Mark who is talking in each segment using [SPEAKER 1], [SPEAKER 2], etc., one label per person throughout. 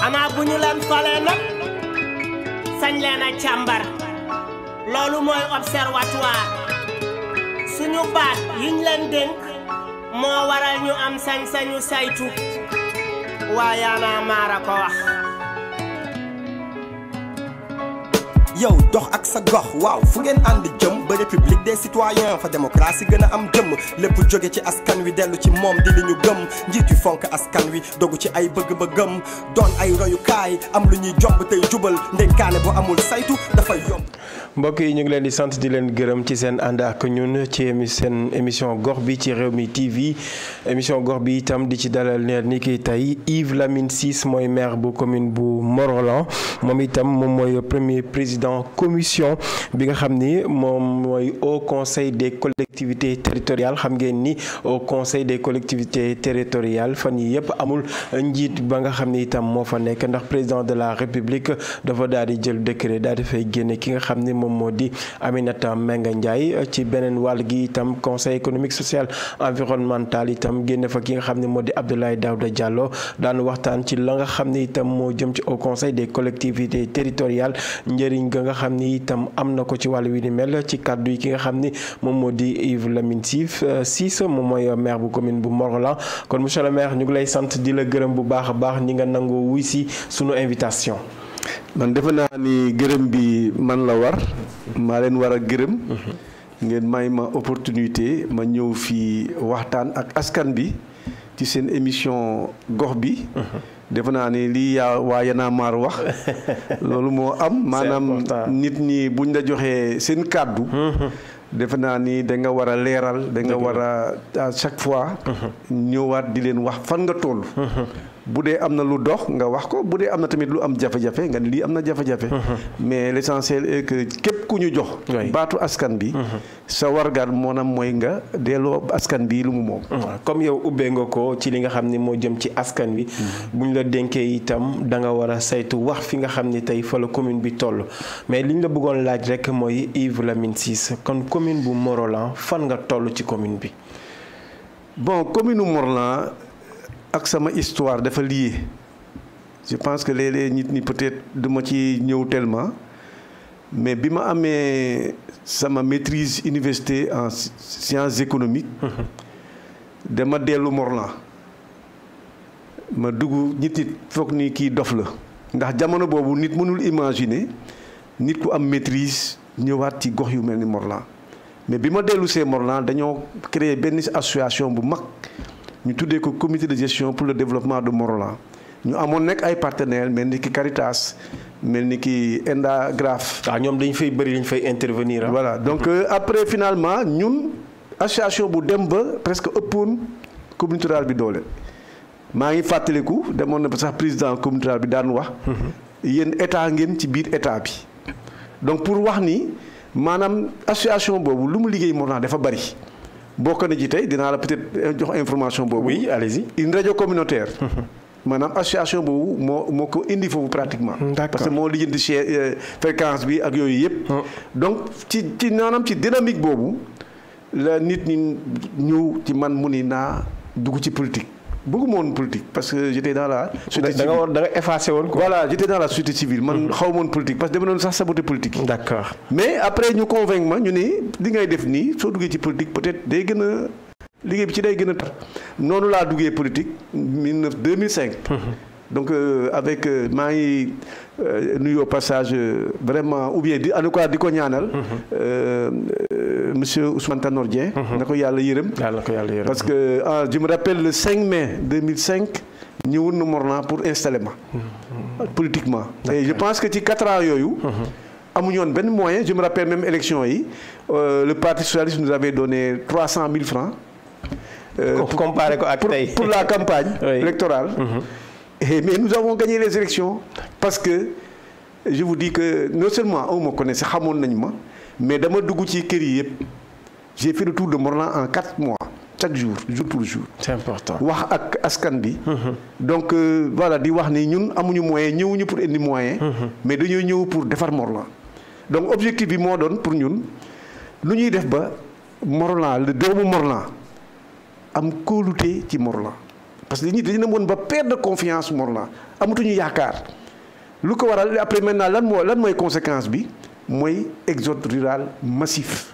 [SPEAKER 1] xanaa bu ñu leen falee nag sañ leen a càmbar loolu mooy observatoire suñu baat yiñ leen dénk moo waral am sañ-sañu saytu waa Y'en a marre ko wax yow dox ak sa gox waaw fu ngeen ànd jëm ba république des citoyens fa démocratie gën a am jëm lépp jóge ci askan wi dellu ci moom di li ñu gëm njiit yu fonk askan wi dogu ci ay bëgg-bëggam doon ay royukaay am lu ñuy jomb tey jubal ndenkaane bu amul saytu dafay yomb.
[SPEAKER 2] mbokk yi ñu ngi leen di sant di leen gërëm ci seen ànd ak ñun ci émi seen émission gox bi ci réew Rewmi TV émission gox bi itam di ci dalal neer ni ki tey Yves Lamine Ciss mooy maire bu commune bu Morolan moom itam moom mooy premier président. président commission bi nga xam ni moom mooy au conseil des collectivité territoriales xam ngeen ni au conseil des collectivités territoriales fan yi yëpp amul njiit ba nga xam ni itam moo fa nekk ndax président de la république dafa daal di jël décret daal di fay génne ki nga xam ni moom moo di Aminata Mbengue Ndiaye ci beneen wàll gi itam conseil économique social environnemental itam génne fa ki nga xam ne moo di Abdoulaye Daouda Diallo daan waxtaan ci la nga xam ni itam moo jëm ci au conseil des collectivités ga nga xam ni itam am na ko ci wàllu wi ni mel ci kàddu yi ki nga xam ni moom moo di Yves Lamine euh, Ciss moom mooy maire bu commune bu Morolan kon monsieur le maire ñu ngi lay sant di la gërëm bu baax baax ñi nga nangoo wuy
[SPEAKER 3] si sunu invitation. man defe naa ni gërëm bi man la war maa leen war a gërëm. Mhm. ngeen may ma opportunité ma ñëw fii waxtaan ak askan bi ci seen émission gox bi. Mhm. defe naa ne lii yaa waa Y'en a wax loolu moo am maanaam nit ñi buñ la joxee seen kàddu mm-hmm. defe naa ni da nga war a leeral da nga war a chaque fois mm-hmm. ñëwaat di leen wax fan nga toll mm-hmm. bu dee am na lu dox nga wax ko bu dee am na tamit lu am jafe-jafe nga lii am na jafe-jafe. Mm-hmm. mais l'essentiel est que képp ku ñu jox. baatu askan bi. Mm-hmm. sa wargaan moonam mooy nga delloo askan bi lu mu moom.
[SPEAKER 2] Mm-hmm. comme yow ubbee nga ko ci li nga xam ni moo jëm ci askan bi. bu ñu la dénkee itam da nga war a saytu wax fi nga xam ni tey fa commune bi toll mais liñ la bëggoon laaj rek mooy Yves Lamine Ciss kon commune bu Morolan fan nga toll ci commune bi.
[SPEAKER 3] ak sama histoire dafa lié je pense que léeg-léeg nit ñi peut-être du ma ci ñëw tellement mais bi ma amee sama maitrise université en sciences économique mhm. dama dellu Morlan. ma dugg nit nit foog ni kii dof la ndax jamono boobu nit mënul imaginer nit ku am maitrise ñëwaat ci gox yu mel ni Morlan mais bi ma dellu see Morlan dañoo créer benn association bu mag. ñu tuddee ko comité de gestion pour le développement de Morolan ñu amoon nekk ay partenaires mel ni ki Caritas mel ni ki Enda Graf. Ah, ñoom dañ fay bëri dañ fay intervenir ah. voilà donc euh, après finalement ñun association bu dem ba presque ëppoon communauté rurale bi doole maa ngi fàttaliku demoon na ba sax président communauté bi daan wax. Mhm. yéen état ngeen ci biir état bi donc pour wax ni maanaam association boobu lu mu liggéey Morolan dafa bëri. bokk na ji tey dinaa la peut-être euh, jox information boobu. oui allez-y une rajo communautaire. Mhm. maanaam association boobu moo moo ko indi foofu pratiquement. Mm, parce que moo lijjanti chez euh, fréquence bi ak yooyu yëpp. Mm. donc ci ci maanaam ci dynamique boobu la nit ñi ñëw ci man mu ni naa dugg ci politique. bëgguma woon politique parce que j'étais dans la. société civile da nga woon da nga effacé woon quoi. voilà j'étais dans la société civile man mm. xaw ma woon parce que dama doon sax saboter politique. d'accord mais après ñu convaincre ma ñu ni li def nii soo duggee ci politique peut-être day gën a liggéey bi ci day gën a tar noonu laa duggee politique 2009 2005. donc euh, avec euh, maa ngi euh, nuyu au passage vraiment ou bien di en di ko ñaanal. Mhm. monsieur Ousmane Tanor mhm. na ko yàlla yërëm. parce que ah je me rappelle le 5 mai 2005. ñëwoon na Morna pour installer ma. Mhm. politiquement. et je pense que ci quatre ans yooyu. amuñu woon benn moyen je me rappelle même élection yi le parti socialiste nous avait donné trois cent mille francs. pour la campagne. électorale. mais nous avons gagné les élections parce que je vous dis que non seulement on oh, me connaissait xamoon nañ ma mais dama dugg ci kër yi yëpp je fait le tour de Morlan en quatre mois chaque jour jour pour jour. c'est important wax ak askan bi. Mm-hmm. donc euh, di wax ni ñun amuñu moyen ñëwuñu pour indi moyen. Mm-hmm. mais dañoo ñëw pour defar Morlan. donc objectif bi moo doon pour ñun lu ñuy def ba Morlan le doomu Morlan am kóolute ci Morlan. parce que nit ñi dañu demoon ba perte de confiance Mor la amatuñu yaakaar lu ko waral après maintenant lan moo lan mooy conséquence bi mooy exode rural massif.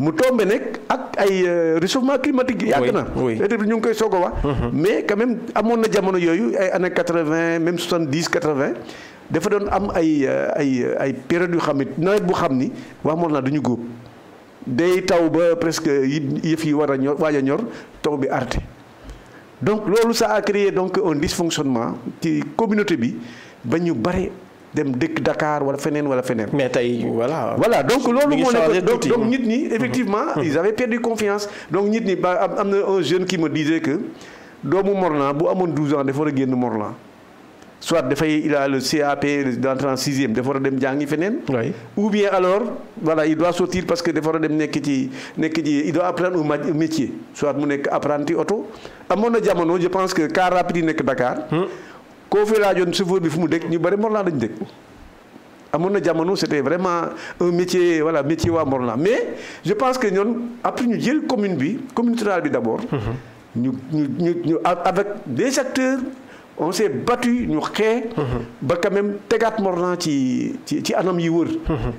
[SPEAKER 3] mu tombé nekk ak ay euh, réchauffement climatique yi yàgg na peut-être ñu ngi koy soog a wax mm-hmm. mais quand même amoon na jamono yooyu ay années quatre-vingt même soixante-dix quatre-vingt dafa doon am ay euh, ay euh, ay période yu xam ne nawet bu xam ni wax moom naa du ñu góob day taw ba presque yëf yi war a ñor waaj a ñor taw bi arrêté donc loolu ça a créé donc un dysfonctionnement ci communauté bi ba ñu bare dem dëkk Dakar wala feneen wala feneen. mais tey voilà. voilà donc loolu moo nekk donc donc nit ñi effectivement. sa avaient perdu confiance donc ñit ñi ba am na un jeune qui me disait que doomu Morlan bu amoon 12 ans dafa war a génn Morlan. soit dafay il a le CAP d'entrée en sixième dafa war a dem jàngi feneen. ou bien alors voilà il doit sortir parce que dafa war a dem nekk ci nekk ci il doit apprendre un métier soit mu nekk apprenti oto. amoon na jamono je pense que car rapide yi nekk Dakar. Hmm. koo fee laajoon bi fu mu dëkk ñu bari Morlan lañu dëkk. amoon na jamono c'était vraiment un métier voilà métier waa Morlan mais je pense que ñoom après ñu jël commune bi commune rurale bi on s'est battu ñu xee. ba quand même tegaat Mont Rolland ci ci ci anam yi wër.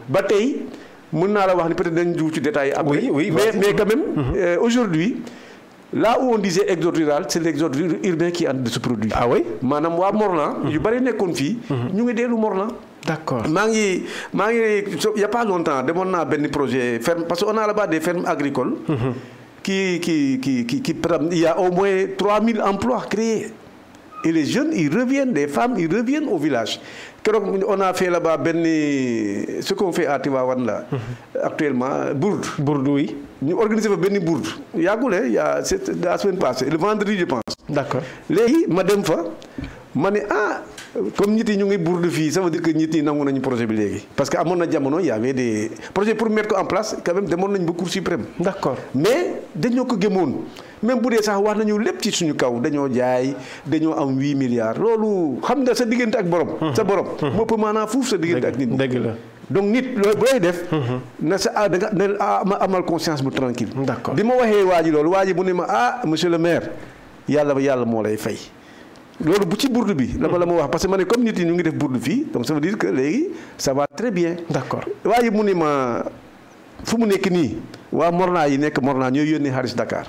[SPEAKER 3] ba tey mën naa la wax ni peut-être dañu dugg ci détails yi. oui oui mais mais quand même. Euh, aujourd'hui là où on disait exode rural c'est l'exode urbain qui a de ce produit. maanaam waa Mont yu bari nekkoon fii. ñu ngi dellu Mont Rolland. d'accord maa ngi maa ngi il y a pas longtemps demoon naa benn projet ferme parce que on a là-bas des fermes agricoles. qui ki qui qui qui il au moins 3000 emplois créés. Et les jeunes, ils reviennent, les femmes, ils reviennent au village. On a fait là-bas ben, ce qu'on fait à Tivawan là, mm -hmm. actuellement, Bourde. Bourde, oui. Nous organisons ben Bourde. Il y a la semaine passée, le vendredi, je pense. D'accord. Les, madame Fa, ah, comme nit yi ñu ngi bourde fii ça veut dire que nit yi nangu nañu projet bi léegi parce que amoon na jamono y avait des projets pour mettre ko en place quand même demoon nañu ba cour suprême. d'accord mais dañoo ko gëmoon même bu dee sax wax nañu lépp ci suñu kaw dañoo jaay dañoo am huit milliards loolu xam nga sa diggante ak borom. sa borom. moo ëpp maanaam fuuf sa diggante ak nit dëgg la. donc nit loolu bu lay def. na sa ah, ah, ma amal conscience bu tranquille d'accord bi ma waxee waa ji loolu waa ji bu ne ma ah monsieur le maire yàlla yàlla moo lay fay. loolu bu ci burdu bi. la ma la ma wax parce que ma ne comme nit yi ñu ngi def burdu fii donc ça veut dire que léegi ça va très bien. waaye mu ne ma fu mu nekk nii waa Morna yi nekk Morna ñooy yónnee xaalis Dakar.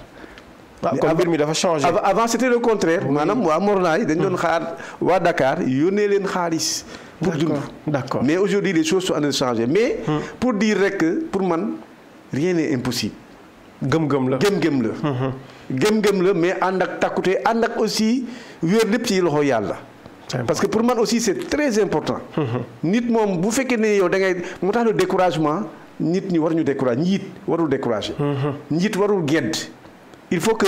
[SPEAKER 3] waaw kon mbir mi dafa changé. avant c'était le contraire. maanaam waa Morna yi dañ doon hmm. xaar waa Dakar yónnee leen xaalis. pour dund d'accord mais aujourd'hui les choses sont en train de changer mais. Hmm. pour dire rek pour man rien n'est impossible. gëm la gëm-gëm la. Hmm, gëm-gëm la mais ànd ak takkute ànd ak aussi wéer lépp ci loxo yàlla. parce que pour man aussi c'est très important. Mm-hmm. nit moom bu fekkee ne yow da ngay mu tax le découragement nit ñi war ñu découragé njiit warul découragé. Mm-hmm. njiit warul gedd. il faut que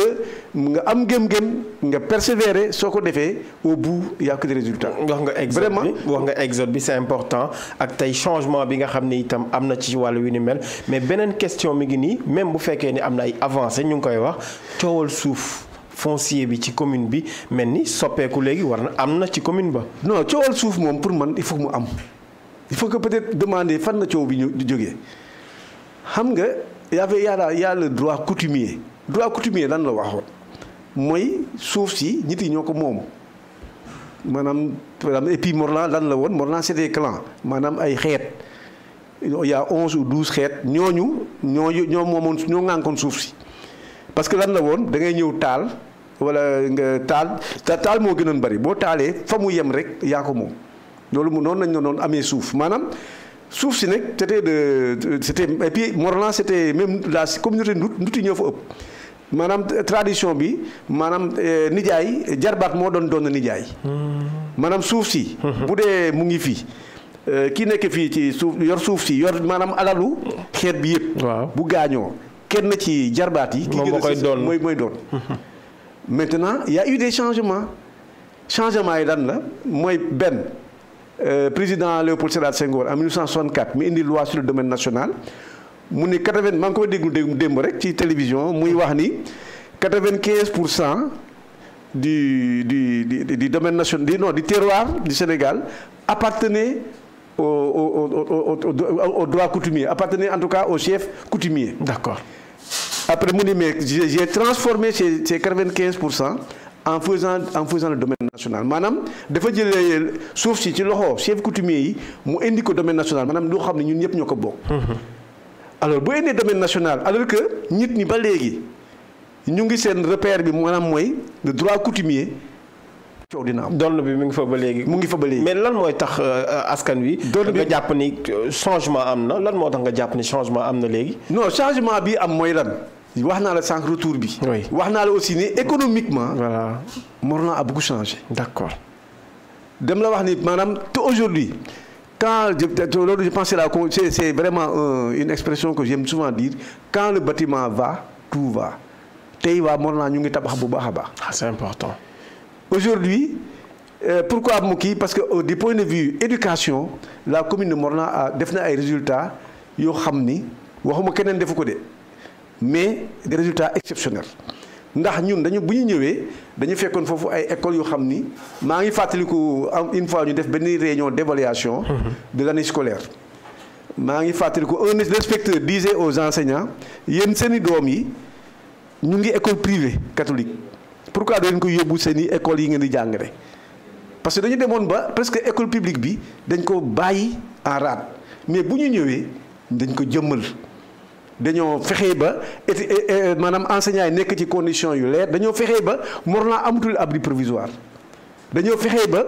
[SPEAKER 3] nga am gëm-gëm nga persévérer soo ko defee au bout y a que des wax
[SPEAKER 2] nga exode vraiment wax nga exode bi c'est important ak tey changement bi nga xam ni itam am na ci wàllu wi ni mel mais beneen question mi ngi nii même bu fekkee ni am na ay avancé ñu ngi koy wax coowal suuf. foncier bi ci commune bi mel ni soppeeku léegi war na am na ci commune ba.
[SPEAKER 3] non coowal suuf moom pour man il faut mu am il faut que peut-être demander fan na coow bi ñu jógee xam nga y avait y a y droit coutumier lan la waxoon mooy suuf si nit yi ñoo ko moom maanaam par exemple et puis Morlan lan la woon Morlan c'est des clans maanaam ay xeet y a xeet ñooñu ñoo ñoo moomoon ñoo ŋànkoon suuf si parce que lan la woon da ngay ñëw taal wala nga taal taal moo gën gënoon bari boo taalee fa mu yem rek yaa ko moom loolu mu noonu lañ la doon amee suuf maanaam suuf si nag c'était de c'était et puis Morlan c'était même la communauté ndut ndut yi ñoo fa ëpp maanaam euh, tradition bi maanaam euh, nijaay jarbaat moo doon doon nijaay. Hmm. maanaam suuf si. Hmm. bu dee mu ngi fii euh, ki nekk fii ci suuf yor suuf si yor maanaam alalu xeet bi yëpp. bu gaañoo kenn ci jarbaat yi. ki gën mooy mooy doon. Hmm. maintenant y a eu changement changements changement yi daan la mooy benn président Léopold Sédar Senghor en 1964 mu indi loi sur le domaine national. mu ne quatre vingt maa ngi koy déglu démb rek ci télévision muy wax ni quatre vingt quinze pour cent du du du du domaine national du non du terroir du Sénégal appartenait au au au au au droit coutumier appartenait en tout cas au chef coutumier. d'accord après mu ne mais j'ai transformé ces ces quatre vingt quinze pour cent. en faisant en faisant le domaine national maanaam dafa jëlee suuf si ci loxo chef coutumier yi mu indi ko domaine national maanaam loo xam ne ñun ñëpp ñoo ko bokk. alors bu indee domaine national alors que nit ñi ba léegi ñu ngi seen repère bi maanaam mooy le droit coutumier coow dina am. doll bi mu ngi fa ba léegi. mu ngi
[SPEAKER 2] fa ba léegi mais lan mooy tax euh, askan wi. doll bi nga jàpp ni euh, changement am na lan moo tax nga jàpp
[SPEAKER 3] ni changement am na léegi. non changement bi am mooy lan. wax naa la sànq retour bi. wax naa la aussi ne économiquement. voilà Morna a beaucoup changé. d' accord. dem la wax ni maanaam te aujourd'hui quand je, je pense que c'est vraiment une expression que j'aime souvent dire, quand le bâtiment va, tout va. Ah, c'est important. Aujourd'hui, euh, pourquoi kii Parce que euh, du point de vue éducation, la commune de Morna a définitivement des résultats, xam ni waxuma keneen defu ko de mais des résultats exceptionnels ndax ñun dañu bu ñu ñëwee dañu fekkoon foofu ay école yu xam ni maa ngi fàttaliku am une fois ñu def benn réunion d'évaluation de l'année scolaire maa ngi fàttaliku un inspecteur disait aux enseignants yéen seeni doom yi ñu ngi école privée catholique pourquoi da ngeen ko yóbbu seeni école yi ngeen di jàngale parce que dañu demoon ba presque école publique bi dañ ko bàyyi en rade mais bu ñu ñëwee dañ ko jëmmal dañoo fexee ba et maanaam enseignants yi nekk ci condition yu leer dañoo fexee ba Morlan amatul abri provisoire dañoo fexe ba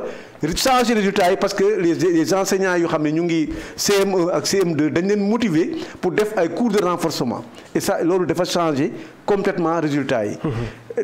[SPEAKER 3] changer résultat yi parce que les les enseignants yu xam ne ñu ngi CM1 ak cm dañ leen motiver pour def ay cours de renforcement et ça loolu dafa changer complètement résultat yi. Mmh.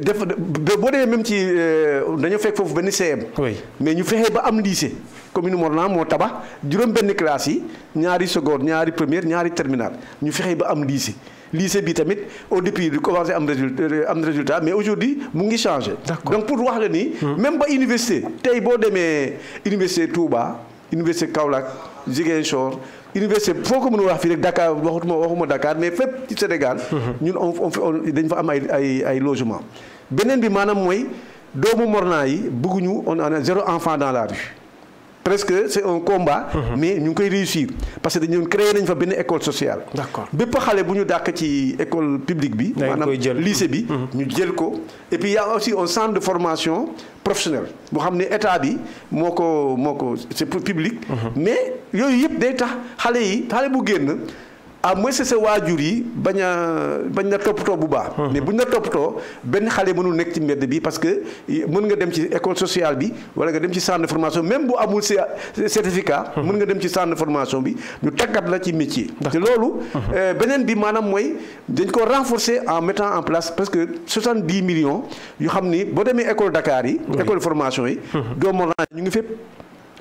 [SPEAKER 3] def boo demee même ci euh, dañoo fekk foofu benn CM. oui mais ñu fexe ba am lycée commune Morlan moo tabax juróom benn classe yi ñaari seconde ñaari première ñaari terminale ñu fexe ba am lycée. lycée bi tamit au début du commencé am résultat euh, am résultat mais aujourd'hui mu ngi changé. donc pour wax la ni. Hmm. même ba université tey boo demee université Touba université Kaolack Ziguinchor. université foo ko mën a wax fii rek Dakar waxutuma waxuma Dakar mais fépp ci Sénégal. Mhm. ñun on dañ fa am ay ay ay logement beneen bi maanaam mooy doomu Morna yi bëgguñu on a zéro enfant dans la rue. presque c' un combat. Mhm. mais ñu ngi koy réussir parce que dañu créer nañ fa benn école sociale. d' accord bépp xale bu ñu dàkk ci école publique bi. maanaam lycée bi. Mhm. ñu jël ko et puis y' a aussi un centre de formation professionnelle boo xam ne état bi moo ko moo ko c' est public. Mhm. mais yooyu yëpp day tax xale yi xale bu génn. à moins que sa waajur yi bañ a bañ na toppatoo bu baax. mais buñ la toppatoo benn xale mënul nekk ci mbedd bi parce que mën nga dem ci école sociale bi wala nga dem ci centre formation même bu amul certificat. mën nga dem ci centre formation bi ñu tàggat la ci métier. te loolu. Euh, beneen bi maanaam mooy dañ ko renforcer en mettant en place parce que 70 millions yu xam ni boo demee école Dakar yi. école formation yi. doomu ñu ngi fépp.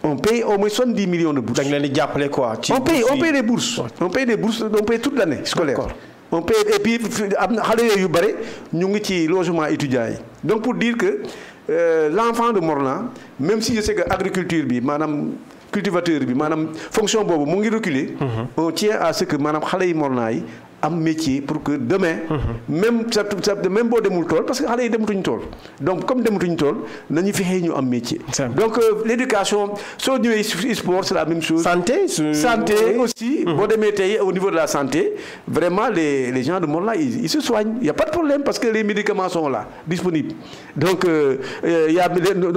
[SPEAKER 3] on paye au moins 70 millions de bourses. da nga leen di jàppale quoi. ci on paye on paye des bourses. on paye des bourses on scolaire. on paye et na xale yooyu yu bare ñu ngi ci logement étudiant yi donc pour dire que euh, l'enfant de Morlan même si je sais que agriculture bi maanaam cultivateur bi maanaam fonction boobu mu ngi reculer. Mhm. on tient à ce que maanaam xale yi Morlan yi. am métier pour que demain. Mhm. même sa sa même boo demul tool parce que xale yi dematuñu tool donc comme dematuñu tool nañu fexee ñu am métier. donc euh, l' soo ñëwee sport c' la même chose. santé santé aussi. Mhm. boo demee tey au niveau de la santé vraiment les gens de monde là ils se soignent y' a pas de problème parce que les médicaments sont là disponibles donc euh, euh, y' a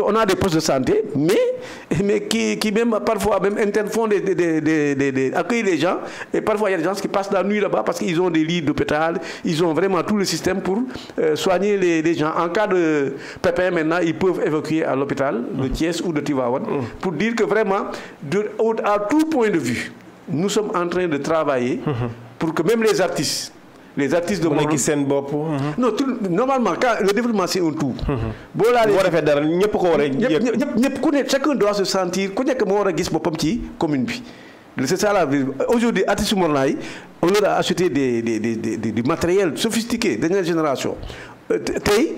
[SPEAKER 3] on a des postes de santé mais mais qui même parfois même interne font des des ils ont des lits d'hôpital, ils ont vraiment tout le système pour euh, soigner les, gens. En cas de pépin, maintenant, ils peuvent évacuer à l'hôpital de Thiès ou de Tivaouane pour dire que vraiment, de, à tout point de vue, nous sommes en train de travailler pour que même les artistes les artistes de Morone seen bopp. Mhm. non normalement quand le développement c' est tout. Mhm. boo laalee boo defee dara ñëpp a. ñëpp ñëpp ku ne chacun doit a gis boppam ci c'est ça la vie aujourd'hui artiste Morna yi on a acheté des des des des du matériel sophistiqué dernière génération euh, tey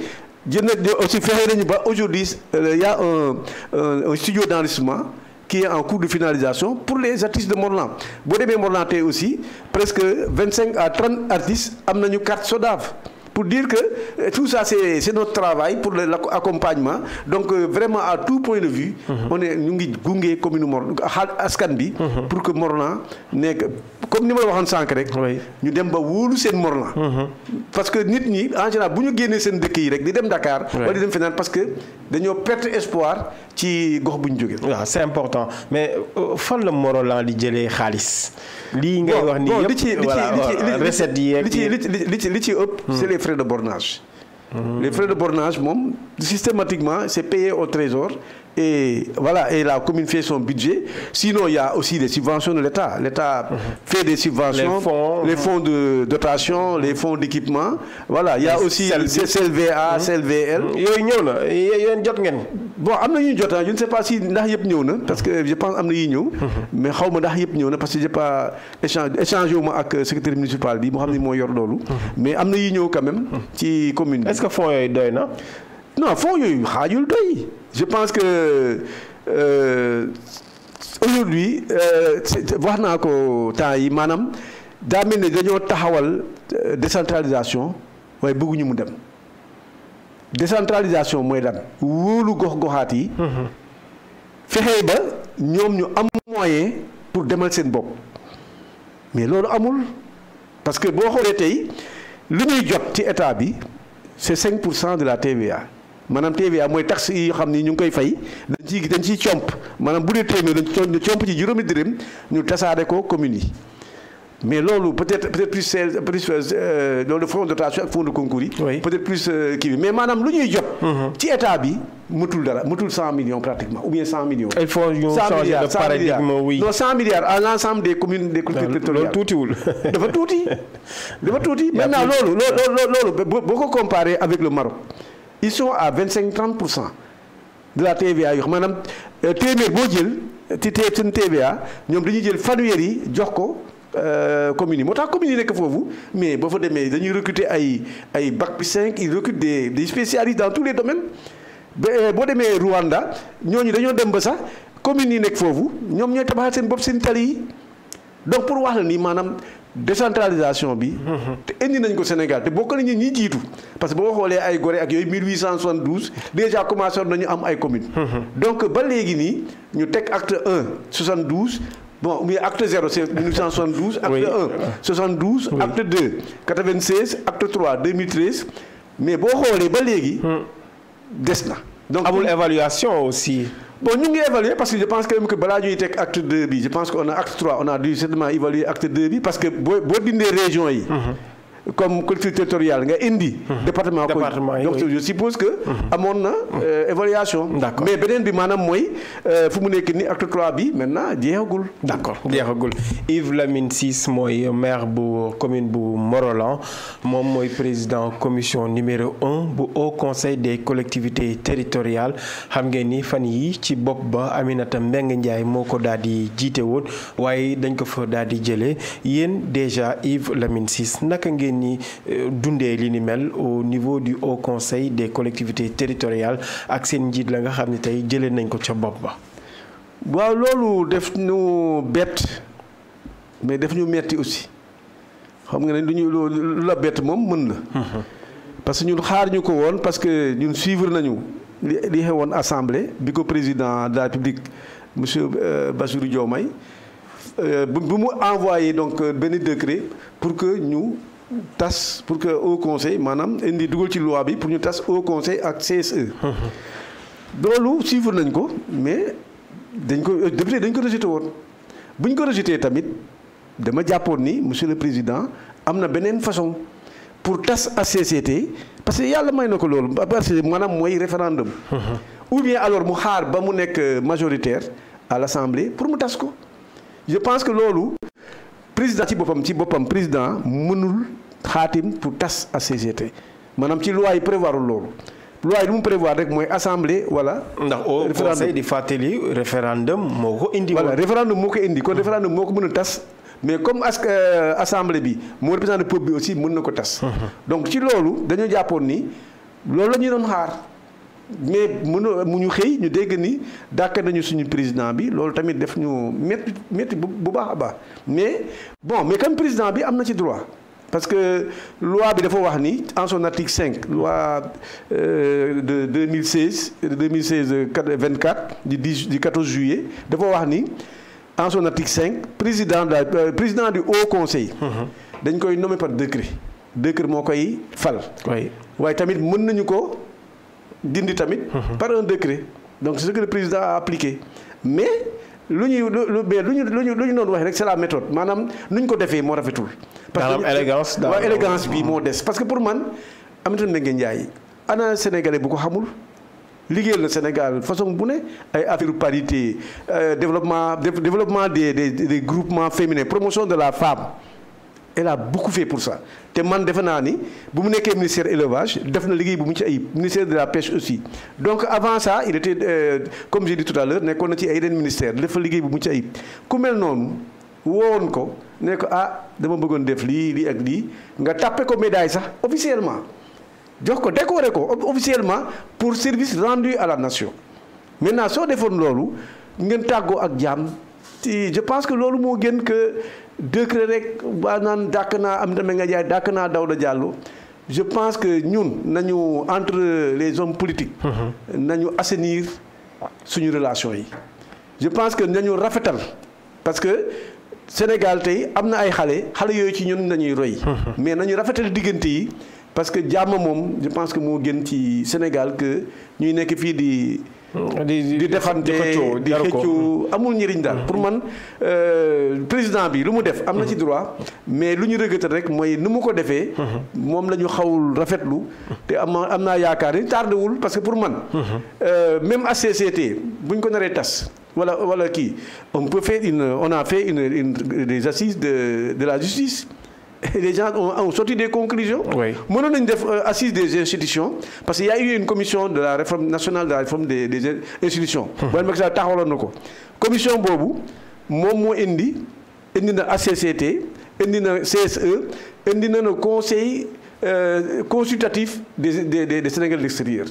[SPEAKER 3] jënd aussi fexe nañu ba aujourd'hui il euh, y a un un studio d'enregistrement qui est en cours de finalisation pour les artistes de Morlan boo demee Morlan tey aussi presque vingt cinq à trente artistes am nañu carte SODAV. pour dire que euh, tout ça c'est c'est notre travail pour l'accompagnement donc euh, vraiment à tout point de vue mhm. on est ngi gunge commune Morna askan bi mhm. pour que Morna nekk comme ni ma la waxoon sànq rek ñu dem ba wóolu seen Morna mhm. parce que nit ñi en bu ñu génnee seen dëkk yi rek di dem Dakar wala di dem fenaan parce que dañoo perte espoir ci gox bu ñu jógee waaw ah, c'est
[SPEAKER 2] important mais euh, fan la Morolan di jëlee xaalis lii ngay wax ni yëpp voilà
[SPEAKER 3] recette frais de bornage. les frais de bornage moom systématiquement c' est payé au trésor et voilà, et la commune fait son budget. Sinon, y a aussi des subventions de l'État. L'État mmh. fait des subventions, les fonds, le fon de dotation, les fonds d'équipement. Voilà, il y a aussi CLVA, CLVL. Mhm. Mhm. yooyu ñëw na yéen jot ngeen. bon am na ñuy jot ah, je ne sais pas si ndax yëpp ñëw na parce que je pense am na yuy ñëw. Mhm. mais xaw ma ndax yëpp ñëw na parce que j'ai pas échange échangé wu ma ak secrétaire municipal bi mu xam ne moo yor loolu. mais am na yuy ñëw quand même. ci commune bi. est-ce que fonds yooyu doy na. non fonds yooyu xaajul doy. je pense que euh, aujourd'hui euh, wax naa ko temps yi maanaam daa mel ni dañoo taxawal euh, décentralisation waaye bëgguñu mu dem décentralisation mooy lan wóolu gox-goxaat yi. Mm-hmm. fexe ba ñoom ñu am moyen pour demal seen bopp mais loolu amul parce que boo xoolee tey lu muy jot ci état bi c'est 5 pour cent de la TVA. maanaam TVA mooy taxe yi xam ni ñu ngi koy fay dañ ciy dañ ciy comp maanaam bu dee téeméer dañ comp ci juróomi dërëm ñu tasaare ko commune yi mais loolu peut-être peut-être plus plus euh, loolu fonds de dotation ak fonds de concours yi. peut-être plus euh, kii bi mais maanaam lu ñuy jot. Mm-hmm. ci état bi mëtul dara mëtul cent millions pratiquement ou bien cent millions. il faut ñu cent milliards à l'ensemble des communes des collectivités dafa tuuti dafa tuuti. maintenant loolu loolu loolu boo ko comparé avec le Maroc. ils sont à vingt cinq pour cent de la TVA yoo xam maanaam euh, téeméer boo jël ci te seen TVA ñoom dañuy jël fanweer yi jox ko euh, commune yi moo tax communes yi nekk foofu mais boo fa demee dañuy recruter ay ay bac cinq ils recrutent des des spécialistes dans tous les domaines ba euh, boo demee Rwanda ñooñu dañoo dem ba sax communes yi nekk foofu ñoom ñooy tabaxal seen bopp seen tali yi donc pour wax la ni maanaam. décentralisation bi. Mhm. te indi nañ ko Sénégal te bokk nañu ñi jiitu parce que boo xoolee ay Gorée ak yooyu 1872 déjà commencé woon nañu am ay communes. Mhm. donc ba léegi nii ñu teg acte 1 72. bon muy acte 0 c'est 1972. acte oui. 1 72. Oui. acte 2 96 acte 3 mais boo xoolee ba léegi. Mhm. des na donc amul évaluation aussi. bon ñu ngi évaluer parce que je pense que balaa ñuy teg acte 2 bi je pense que on a acte 3 on a dû certainement évaluer acte 2 bi parce que boo boo dindee région yi. Mhm. comme collectivité territoriale nga indi. département yi donc je suppose que. amoon na euh, évaluation. mais beneen bi maanaam mooy euh, fu mu nekk nii acte trois bi maintenant jeexagul.
[SPEAKER 2] d' accord jeexagul Yves Lamine Ciss
[SPEAKER 3] mooy maire
[SPEAKER 2] bu commune bu Morolan moom mooy président commission numéro un bu haut conseil des collectivités territorial xam ngeen ni fan yi ci bopp ba Aminata Mbengue Ndiaye moo ko daal di jiite woon waaye dañ ko fa daal di jëlee yéen déjà Yves Lamine Ciss naka ngeen. ngeen ni euh, dundee li ni mel au niveau du haut conseil des collectivités territoriales ak seen njiit la nga xam ne tey jëlee nañ ko ca bopp ba.
[SPEAKER 3] waaw loolu def ñu bett mais def ñu metti aussi xam nga ne du ñu lu la moom mën na. Mhm. parce que ñun xaar ñu ko woon parce que ñun suivre nañu li li xewoon assemblée bi ko président de la République monsieur euh, Bassirou Diomaye euh, bu mu envoyé donc benn décret pour que ñu. tas pour que au conseil manaam indi dugal ci loi bi pour ñu tas au conseil ak CSE. loolu suivre nañ ko mais dañ ko député dañ ko rejeté woon bu ñu ko rejeté tamit dama jàppoon ni monsieur le président am na beneen façon pour tas HCCT parce que yàlla may na ko loolu parce maanaam mooy référendum. ou bien alors mu xaar ba mu nekk majoritaire à l'Assemblée pour mu tas ko je pense que loolu. président ci boppam ci boppam président mënul xaatim pour tas HCCT maanaam ci loi yi prévoirul loolu. loi lu mu prévoir rek mooy assemblée wala.
[SPEAKER 2] ndax au conseil di fàttali
[SPEAKER 3] référendum moo ko indi. voilà référendum moo ko indi kon référendum moo ko mën a tas mais comme as euh, assemblée bi moo représenté peuple bi aussi mën na ko tas. donc ci loolu dañoo jàppoon ni loolu la doon xaar. mais mënu mu ñu xëy ñu dégg ni dàkk nañu suñu président bi loolu tamit def ñu métti métti bu baax a baax mais bon mais comme président bi am na ci droit parce que loi bi dafa wax ni en cinq article 5 loi euh, de 2016 de 2016 24 du 10 du 14 juillet dafa wax ni en son article 5 président de la euh, président du haut conseil. Mm-hmm. dañ koy nommer par décret décret moo koy fal. waaye tamit mën nañu ko. dindi tamit. par un décret donc c'est ce que le président a appliqué mais lu ñuy lu lu mais lu ñu lu ñu lu ñu doon wax rek c'est la méthode maanaam nuñ ñu ko defee moo rafetul. parce que élégance élégance bi moo des parce que pour man Aminata Mbengue Ndiaye ana sénégalais bu ko xamul. liggéeyal na Sénégal façon bu ne ay affaire parité euh, développement développement des des des groupements féminins promotion de la femme. elle a beaucoup fait pour ça te man defe naa ni bu mu nekkee ministère élevage def na liggéey bu mu ci ayib ministère de la pêche aussi donc avant ça il était euh, comme j'ai dit tout à l'heure nekkoon na ci ay yeneen ministère def na liggéey bu mu ci ayib ku mel noonu woon ko ne ko ah dama bëggoon def lii lii ak lii nga tàppe ko médaille sax officiellement jox ko décorer ko officiellement pour service rendu à la nation maintenant soo defoon loolu ngeen tàggoo ak jàmm ci je que loolu moo gën décret rek waa naan dàkk naa am deme nga jaay dàkk naa Daouda Diallo je pense que ñun nañu entre les hommes politiques mhm. nañu assainir suñu relation yi je pense que nañu rafetal parce que Sénégal tey am na ay xale xale yooyu ci ñun nañuy roy mhm. mais nañu rafetal diggante yi parce que jàmm moom je pense que moo gën ci Sénégal que ñuy nekk fii di di di defante di xëccoo amul njëriñ daal mm. pour man euh, président bi lu mu def am na ci mm-hmm. droit mais lu ñu regretté rek mooy nu mu ko defee mm-hmm. moom lañu ñu xawul rafetlu te am am naa yaakaar ni tardewul parce que pour man mm-hmm. euh, même HCCT bu ñu ko naree tas wala wala kii on peut faire une on a fait une une des assises de de la justice les gens ont, sorti des conclusions. oui mënoon nañu def euh, assise des institutions parce que y a eu une commission de la réforme nationale de la réforme des des institutions. Boy Macky Sall taxawaloon na ko. commission boobu moom moo indi indi na ACCT indi na CSE indi na na conseil euh, consultatif des des des des Sénégalais de l'extérieur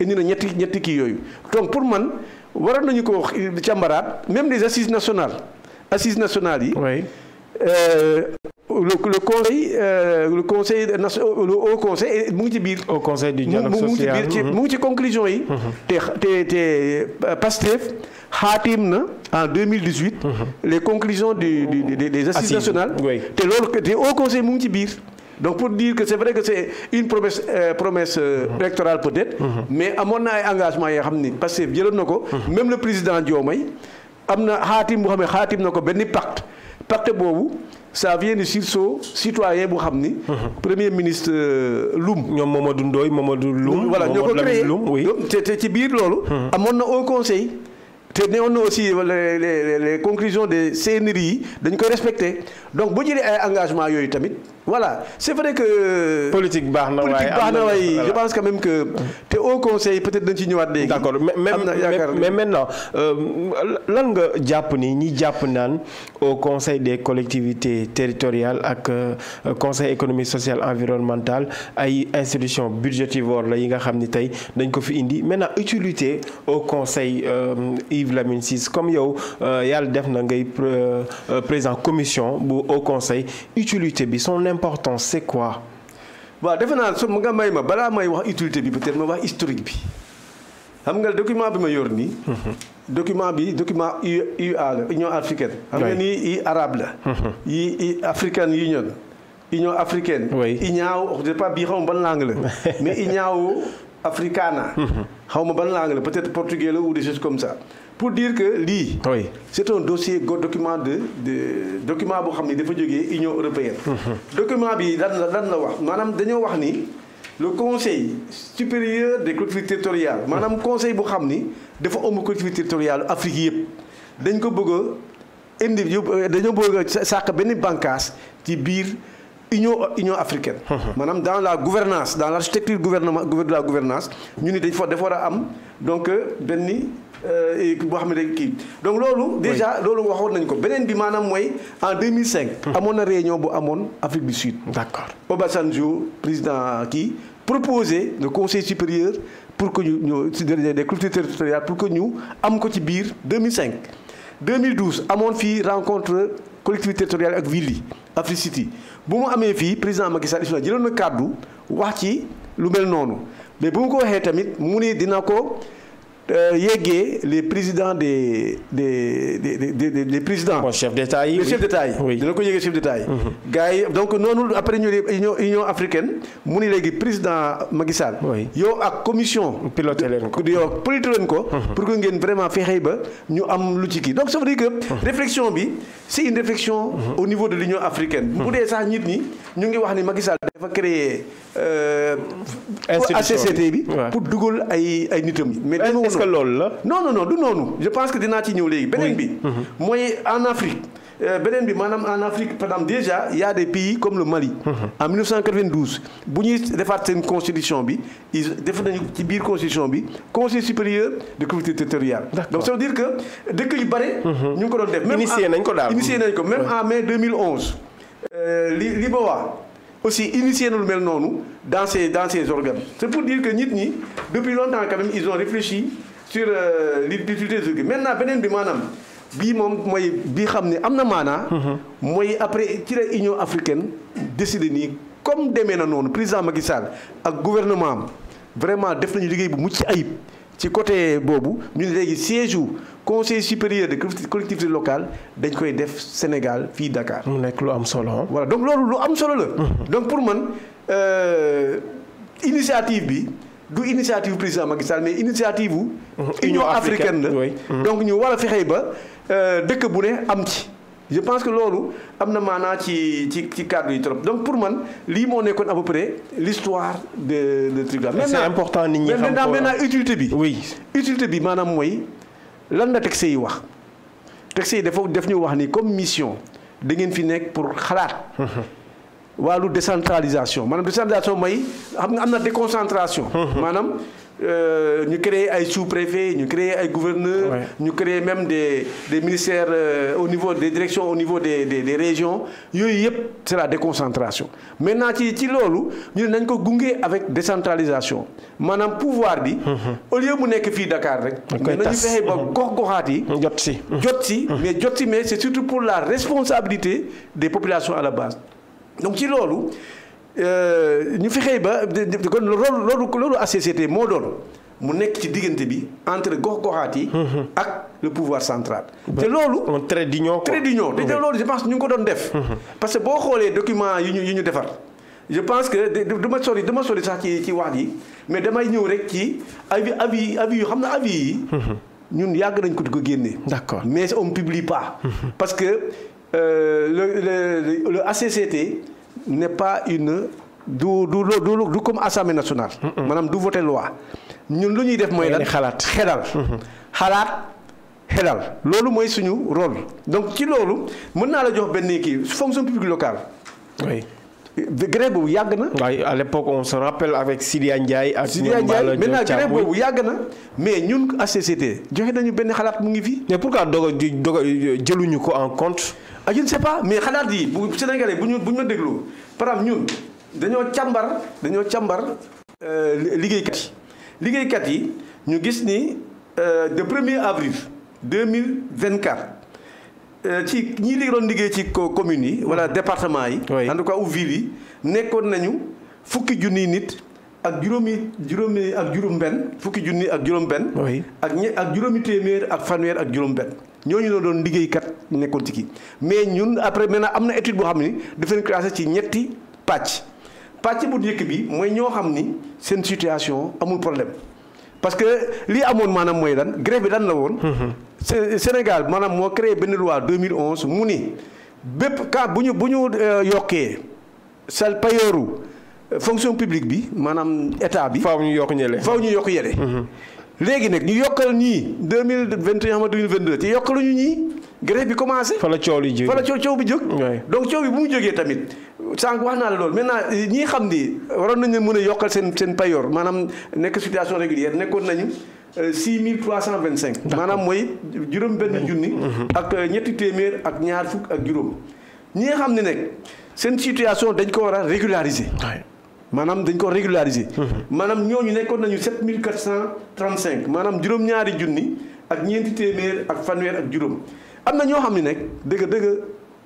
[SPEAKER 3] indi na ñetti ñetti kii yooyu donc pour man waroon nañu ko wax càmbaraat même les assises national assises nationales yi. Euh, le le conseil euh, le euh, mu ngi ci biir. au conseil du dialogue social mm-hmm. mu conclusion yi. Mm-hmm. te te te Pastef xaatim na en 2018. Mm-hmm. les conclusions du du des des assises nationales. te loolu te haut conseil mu ngi ci biir. donc pour dire que c'est vrai que c'est une promesse promesse électorale peut-être. mais amoon na ay engagement yoo xam ni Pastef jëloon na ko. même le président Diomaye am na xaatim boo xam xaatim na ko benn pacte. pacte boobu ça vient du sursaut citoyen bu xam ni. Mhm. premier ministre euh, Loum. ñoom Mamadou Ndoye Mamadou Loum. Mamadou Lamine Loum ñoo ko créé te te ci biir loolu. Mhm. amoon na au conseil. te néewoon na aussi les les les conclusions des CNRI yi dañ koy respecté donc boo jëlee ay engagement yooyu tamit voilà c' est vrai que. Euh, politique baax na waaye baax na waaye je pense quand même que. te au conseil peut être dañ ci ñëwaat léegi. d' accord
[SPEAKER 2] mais mais maintenant euh, lan nga jàpp nii ñi jàpp naan au conseil des collectivités territoriales ak euh, conseil économique social environnemental ay institution budgétivore la yi nga xam ni tey dañ ko fi indi maintenant utilité au conseil. Yves Lamine Ciss comme yow euh, yàlla def na ngay euh, président commission bu Haut Conseil utilité bi son importance c'est quoi.
[SPEAKER 3] waaw defe naa so mu nga may ma balaa may wax utilité bi peut-être ma wax historique bi xam nga document ma yor nii. Mhm. document bi document UA la Union africaine. xam arabe la. yi mhm. i African Union. Union africaine. oui INAO je ne sais pas la mais INAO. africana. xaw ma ban langue la peut-être portugais la ou des choses comme ça. pour dire que lii. oui c'est un dossier document de de document boo xam ni dafa jógee Union européenne. Mhm. document bi lan la lan la wax maanaam dañoo wax ni. le conseil supérieur des collectivités territoriales mhm. maanaam conseil bu xam ni dafa ëmb collectivités territoriales Afrique yëpp dañ ko bëgg a indi dañoo bëgg a sàq benn bànqaas ci biir. union union africaine. maanaam dans la gouvernance dans l' architecture gouvernement de la gouvernance ñu ni dañ fa dafa war a am donc euh, benn euh, boo xam ne dañ kii donc loolu. déjà loolu waxoon nañ ko beneen bi maanaam mooy en 2005. amoon na réunion bu amoon Afrique du Sud. d' accord Obasanjo président kii proposé nga conseil supérieur pour que ñu ñu si des cultures territoriales pour que ñu am ko ci biir 2005 2012 amoon fii rencontre. collectivité territoriale ak ville yi Africity bu mu amee fii président Macky Sall isla jëloon na kàddu wax ci lu mel noonu mais bu mu ko waxee tamit mu ne dina ko Euh, yeggee les président des des des des des présidents. chef d'État yi. les chefs d'État yi. dina ko yeggee chef d'État yi. Mhm. gars donc noonu après union union africaine mu ni léegi président Macky Sall. yow ak commission. piloté leen ko yow piloté ko. Mhm. que ngeen vraiment fexe ba ñu am lu ci kii donc ça veut dire que. Mhm. réflexion bi c'est une réflexion. au niveau de l'union africaine. bu dee sax nit ñi. ñu ngi wax ni Macky Sall dafa créer euh, HCCT bi pour dugal ay ay nitam yi mais est-ce que loolu la non non non du noonu je pense que dinaa ci ñëw léegi beneen bi mm-hmm. mooy en Afrique euh, beneen bi maanaam en Afrique par exemple déjà y a des pays comme le Mali. Mm-hmm. en 1992 bu ñuy defaat seen constitution bi ils def nañu ci biir constitution bi conseil supérieur de collectivité territoriale. donc ça veut dire que dëkk yu bare. Mm-hmm. ñu ngi ko doon def même initié nañ ko daal initié nañ ko même en mai Euh, li li boobaa aussi initié na lu mel noonu dans ces dans ces c'est pour dire que nit ñi depuis longtemps quand même ils ont réfléchi sur euh, li difficulté des organes maintenant beneen bi maanaam bii moom mooy bii xam ne am na maanaa mhm. mooy après ci la Union africaine décidé nii comme demee na noonu président Macky Sall ak gouvernement am vraiment def nañu liggéey bu mucc ayib ci côté boobu ñu ne léegi siège conseil supérieur de collectivité locale dañ koy def Sénégal fii Dakar. mu nekk lu am solo voilà donc loolu lu am solo la. donc pour man euh, initiative bi du initiative président Macky Sall mais initiative wu. Union africaine la oui. donc ñu war a fexe ba euh, dëkk bu ne am ci. je pense que loolu am na maanaa ci ci ci cadre yi trop donc pour man lii moo nekkoon à peu près l'histoire de de truc là. maintenant c'est important nit ñi xam ko utilité bi. oui utilité bi maanaam mooy. lan la texte yi wax texte yi dafa def ñu wax ni comme mission da ngeen fi nekk pour xalaat. wàllu décentralisation maanaam décentralisation mooy xam nga am na déconcentration. maanaam. Euh, ñu créer ay sous-préfet ñu créer ay gouverneurs ñu créer même des des ministères euh, au niveau des direction au niveau des des des régions yooyu yëpp c'est la déconcentration maintenant ci ci loolu ñu ne nañ ko gunge avec décentralisation maanaam pouvoir bi mhm. au lieu mu nekk fii Dakar rek mais nañu fexe ba mhm. gox goxaat yi jot si mhm. jot si mais jot si mais c'est surtout pour la responsabilité des populations à la base donc ci loolu Euh, ñu fi fexee ba kon loolu loolu ACCT moo doon mu nekk ci diggante bi entre gox goxaat yi. Mhm. ak le pouvoir central. te loolu. on trait d'union trait d'union te mhm. loolu je pense ñu ngi ko doon def. Mhm. parce que boo xoolee document yi ñu yi ñu defar. je pense que du ma sori du ma sori sax ci ci wax yi mais damay ñëw rek ci avis avis avis yu xam na avis yi. ñun yàgg nañ ko di ko génne. d'accord mais on publie pas. parce que euh, le le le ACCT. n'est pas une du du du du comme assemblée nationale. maanaam du voter loi. ñun lu ñuy def mooy lan xalaat xelal. Mm-hmm. xalaat xelal loolu mooy suñu rôle. donc ci loolu mën naa la jox benn kii fonction publique locale. oui. grève boobu yàgg
[SPEAKER 2] na. waaye à l'époque on se rappelle avec Sidia Ndiaye. ak Sidia Ndiaye maintenant boobu yàgg na.
[SPEAKER 3] mais ñun HCCT joxe nañu benn xalaat mu ngi fi. pour pourquoi doog a jëluñu ko en compte. ah je mais xalaat yi bu Sénégalais bu ñu bu ñu ma déglu par exemple ñun dañoo càmbar dañoo càmbar euh, liggéeykat yi liggéeykat yi ñu gis ni euh, de premier avril 2024 euh, ci ñi li doon liggéey ci communes yi wala mm-hmm. département yi en tout cas yi nekkoon nañu fukki junniy nit ak juróomi juróomi ak juróom benn fukki junni ak juróom benn ak ñe ak juróomi téeméer ak fanweer ak juróom benn ñoo ñooñu la doon liggéeykat nekkoon ci kii mais ñun après na am na étude boo xam ni dafa leen classé ci ñetti pàcc pàcc bu njëkk bi mooy ñoo xam ni seen situation amul problème parce que lii amoon maanaam mooy lan grève bi lan na woon. Mm-hmm. Sénégal maanaam moo créé benn loi 2011 mu ni bépp cas bu ñu bu ñu euh, yokkee sal payooru euh, fonction publique bi maanaam état bi. faw ñu yokk ñële faaw ñu yokk yële. Mm-hmm. léegi nag ñu yokkal ñii deux mille vingt et un deux mille vingt deux ci yokkaluñu ñii grève bi commencé. fa la coow li jógee fa la coow bi jóg. donc coow bi bu mu jógee tamit sànq wax naa la loolu maintenant ñi xam ni waroon nañu mën a yokkal seen seen payoor maanaam nekk situation régulière nekkoon nañu. 6325. d' accord maanaam mooy juróom benn junni. Mhm. ak euh, ñetti téeméer ak ñaar fukk ak juróom. ñi nga xam ne nag seen situation dañ ko war a régulariser. maanaam dañ ko régulariser. Mhm. maanaam ñu nekkoon nañu 7435 maanaam juróom-ñaari junni ak ñeenti téeméer ak fanweer ak juróom am na ñoo xam ne nag dëgg dëgg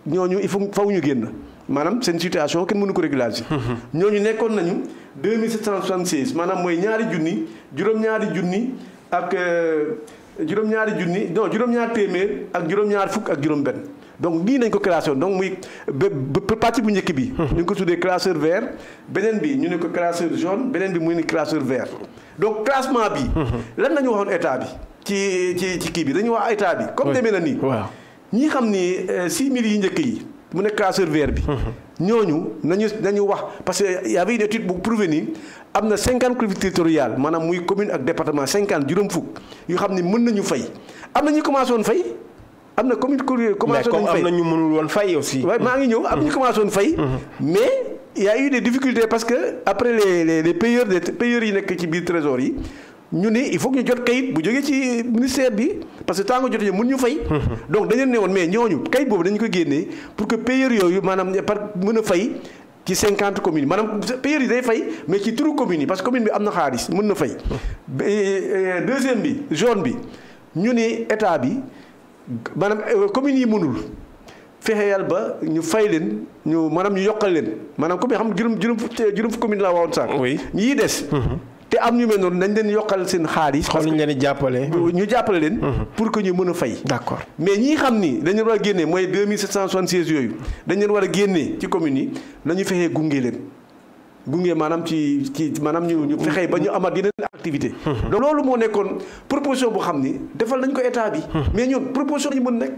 [SPEAKER 3] ñooñu il faut faw ñu génn maanaam seen situation kenn mënu ko mhm. ñoo ñu nekkoon nañu 2776 maanaam mooy ñaari junni juróom-ñaari junni ak euh, juróom-ñaari junni non juróom-ñaar téeméer ak juróom-ñaar fukk ak juróom-benn. donc nii nañ ko classé donc muy partie bu njëkk bi. Hmm. ñu ngi ko tuddee classeur ver beneen bi ñu ne ko classeur zone beneen bi muy ni classeur ver donc classement bi. Hmm. lan la ñu waxoon état bi ci ci ci kii bi dañu wax état bi. comme demee na nii. waaw ñi xam ni 6 euh, 000 yi njëkk yi. mu nekk classeur vert bi. Hmm. ñooñu nañu nañu wax parce que y avait une étude bu prouvé am na cinquante collectivités territoriales maanaam muy commune ak département cinquante juróom fukk yu xam ni mën nañu fay am na ñu commencé woon fay. am na comme courrier commencé nañu fay mais comme maa ngi ñëw am ñu mm-hmm. commencé woon fay. Mm-hmm. mais il y a eu parce que après les les les payeurs des yi nekk ci biir trésor yi. ñu ne il faut que ñu jot kayit bu jógee ci ministère bi parce que temps nga jotee mën ñu fay. Mm-hmm. donc dañu ne woon mais ñooñu kayit boobu dañu ko génnee pour que payeurs yooyu maanaam par mën a fay ci cinquante communes maanaam payeurs yi day fay mais ci turu communes que commune bi am euh, euh, bi zone bi ñu ne état bi. maanaam euh, communes yi mënul fexe yàlla ba ñu fay leen ñu maanaam ñu yokkal leen maanaam comme xam juróom juróom juróom fu commune laa waxoon sànq. oui ñii des. Mhm. te am ñu mel noonu nañ leen yokkal seen xaalis. xool ñu leen di jàppale. ñu jàppale leen. Mhm. pour que ñu mën a fay. d'accord mais ñi xam ni dañu war a génne mooy 2776 yooyu dañu leen war a génne ci communes yi nañu fexe gunge leen. gunge maanaam ci ci maanaam ñu ñu fexe ba ñu amaat yeneen activité donc loolu moo nekkoon proposition boo xam ni defal nañ ko état bi mais ñun proposition lañu mën nekk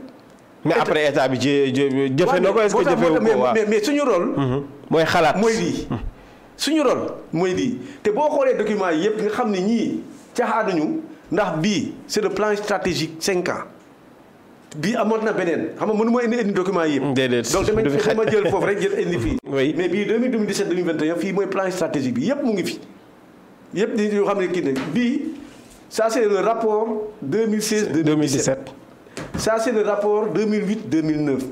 [SPEAKER 2] mais après état bi ci jëfe na ko est-ce que jëfewu ko waaw mais suñu rôle
[SPEAKER 3] mm-hmm. mooy xalaat mooy lii suñu rol mooy lii te boo xoolee documents yi yëpp nga xam ne ñii caaxaanuñu ndax bii c'est le plan stratégique cinq ans bii amoon na beneen xam nga mënu ma indi indi document yi déedéet donc dama dama jël foofu rek jël indi fii mais bii 2017 2021 fii mooy plan stratégique bi yëpp mu ngi fi yëpp di yoo xam ne kii ne bii ça c'est le rapport 2016 2017 ça c'est le rapport 2008 2009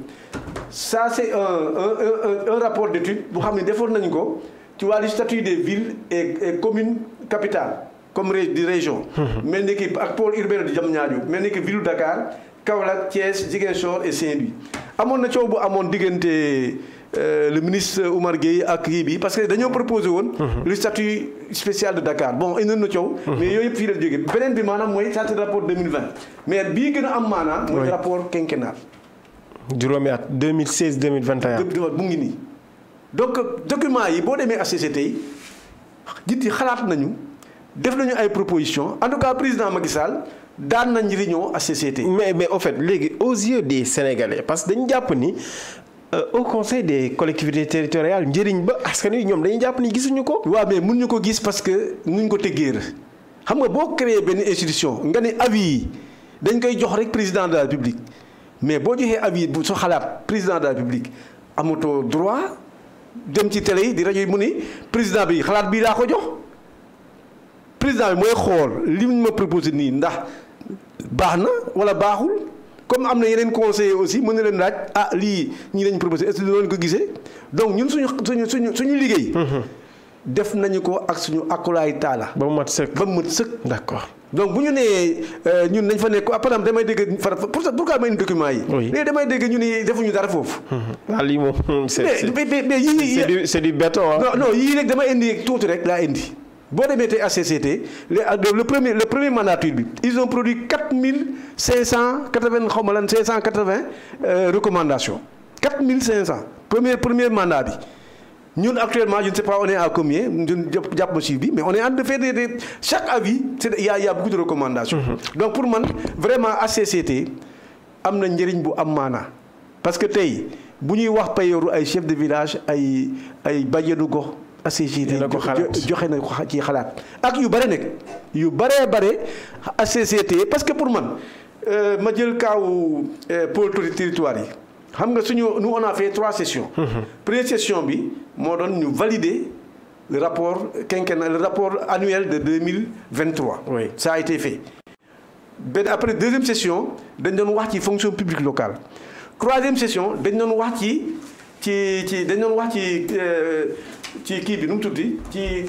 [SPEAKER 3] ça c'est un un un, un rapport d'étude bu xam ne defoon nañu ko ci wàllu statut des villes et, et communes capitales comme di région mel ni ki ak pôle urbain di Diamniadio mel ni ki ville Dakar Kaolack Thiès Ziguinchor et Saint-Louis amoon na coow bu amoon diggante euh, le ministre Oumar Gueye ak kii bi parce que dañoo proposé woon. Mhm. le statut spécial de Dakar bon indi na coow. Mhm. mais yooyu yëpp fii la jógee beneen bi maanaam mooy ça c'est rapport 2020 mais bii gën a am maanaam. mooy rapport quinquennal.
[SPEAKER 2] juróomi at 2016 2021.
[SPEAKER 3] bu ngi nii donc document yi boo demee HCCT yi nit yi xalaat nañu. def nañu ay proposition en tout cas président Macky Sall daan na njëriñoo HCCT. mais mais au fait léegi aux
[SPEAKER 2] yeux de sénégalais parce que dañu jàpp ni euh, au conseil des collectivités territoriale
[SPEAKER 3] njëriñ ba askan wi ñoom dañu jàpp ni gisuñu ko. waaw mais mun ñu ko gis parce que nuñ ko tëggee xam nga boo créer benn institution nga ne avis yi dañ koy jox rek président de la République mais boo joxee avis bu su xalaat président de la République amatoo droit dem ci tele yi di rajo yi mu ni président bi xalaat bii laa ko jox. président bi mooy xool li mu ma proposé nii ndax baax na wala baaxul comme am na yeneen conseillers aussi mën na leen laaj ah lii ñi lañ proposé est-ce que noonu ko gisee donc ñun suñu suñu mm-hmm. ko ak suñu akulaay taala. ba mu mat sëkk ba mu mat sëkk. d'accord donc bu ñu nee euh, ñun dañ fa nekk apparemment ah, damay dégg fara pour ça pourquoi may document yi. oui léegi damay dégg ñu ni defuñu dara foofu. Mm-hmm. ah lii moom c'est yii rek damay indi tuuti rek laa indi. boo demee tey HCCT euh, le premier le premier mandature bi ils ont produit quatre mille cinq cent quatre vingt xaw ma lan cinq cent euh, quatre vingt recommandations mille cinq cent premier premier mandat bi ñun actuellement je ne sais pas on est à jàpp ma chiffre bi mais on est en de faire des chaque avis c'est il y a il y mm-hmm. donc pour man vraiment HCCT am na njëriñ bu am maanaa parce que tey bu ñuy wax payoru ay chef de village ay ay bajenu gox. ACGT joxe na ko xalaat ak yu bare nekk yu bare bare ACCT parce que pour man euh, ma jël kaawu euh, pôle territoire yi xam nga suñu nous on a fait trois sessions. Mm-hmm. première session bi moo doon ñu valider rapport quinquennal le rapport annuel de 2023. oui ça a été fait. benn après deuxième session dañ doon wax ci fonction publique locale troisième session dañ doon wax ci ci ci dañ doon wax ci. Euh, ci kii bi nu mu tuddi ci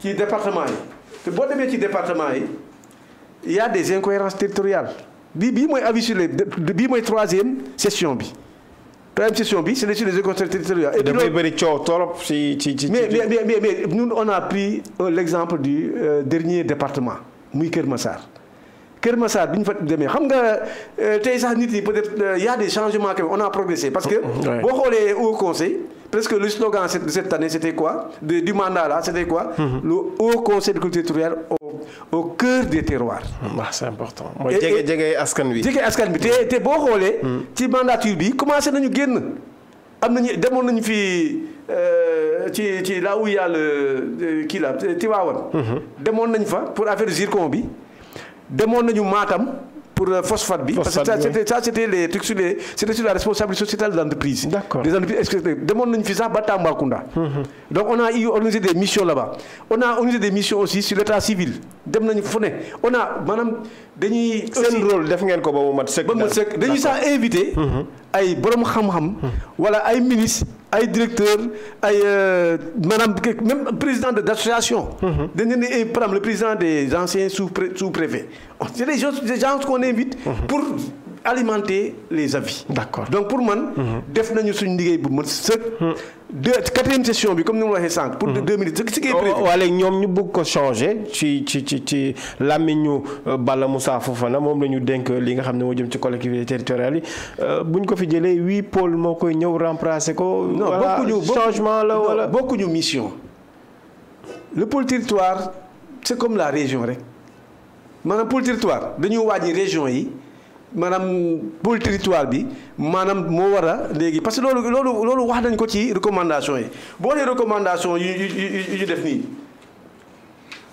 [SPEAKER 3] ci département yi te boo demee ci département yi il y a des incohérences territoriales bii bii mooy avis sur les bii mooy troisième session bi troisième session bi c'est les sur les incohérences territoriales. et dafay bëri coow torop ci ci ci. mais mais mais mais ñun on a pris euh, l'exemple du euh, dernier département muy Kër Massar. Kër Massar bi ñu fa demee xam nga euh, tey sax nit yi peut-être y a des changements que on a progressé. parce que boo xoolee au conseil. Parce que le slogan de cette année, c'était quoi de, Du mandat là, c'était quoi mm -hmm. Le Haut Conseil au, au cœur des terroirs. c'est important. mooy jege jege askan wi. jege askan bi te te boo xoolee. Mhm. ci mandature bi commencé nañu génn. am na nañu demoon nañu fii euh, ci ci là où il euh, kii la Tivaouane. Mhm. demoon nañ fa pour affaire zircon bi. demoon nañu Matam. pour euh, phosphate bi. parce que ça c'était ça c'était les trucs sur les la responsabilité sociétale de l'entreprise. D'accord. des entreprises demoon nañu fi sax ba Tambacounda. Mhm. donc on a organisé des missions là-bas on a organisé des missions aussi sur l'état civil dem nañu fu ne on dañuy. seen rôle def ngeen ko ba mu mat sëkk. dañuy sax invité. Mhm. ay borom xam-xam. Mhm. wala ay ministres. ay directeur ay euh, maanaam même président de d' association. Mhm. dañu ne ay eh, par exemple le président des anciens sous sous préfet c'est des gens des gens qu'on invite. Mhm. pour alimenter les avis. d'accord donc pour man. Mhm. def nañu suñu liggéey bu mën sëkk. Mhm. deux quatrième session bi comme ni mu waxee sànq. pour mhm. deux minutes ce qui est prévu. wala oh, oh, ñoom ñu bëgg ko changer ci ci ci
[SPEAKER 2] ci làmmiñu euh, Bala Moussa Fofana moom la ñu dénk li nga xam ne moo jëm ci collectivité territoriale yi euh, bu ñu ko fi jëlee huit pôles moo koy ñëw remplacer ko. non bokkuñu changement
[SPEAKER 3] la wala bokkuñu mission. le pôle territoire c'est comme la région rek maanaam pôle territoire dañu wàññi région yi. maanaam pôle territoire bi maanaam moo war a léegi parce que loolu loolu loolu wax nañ ko ci recommandation yi boo nee recommandation yu yu yu def nii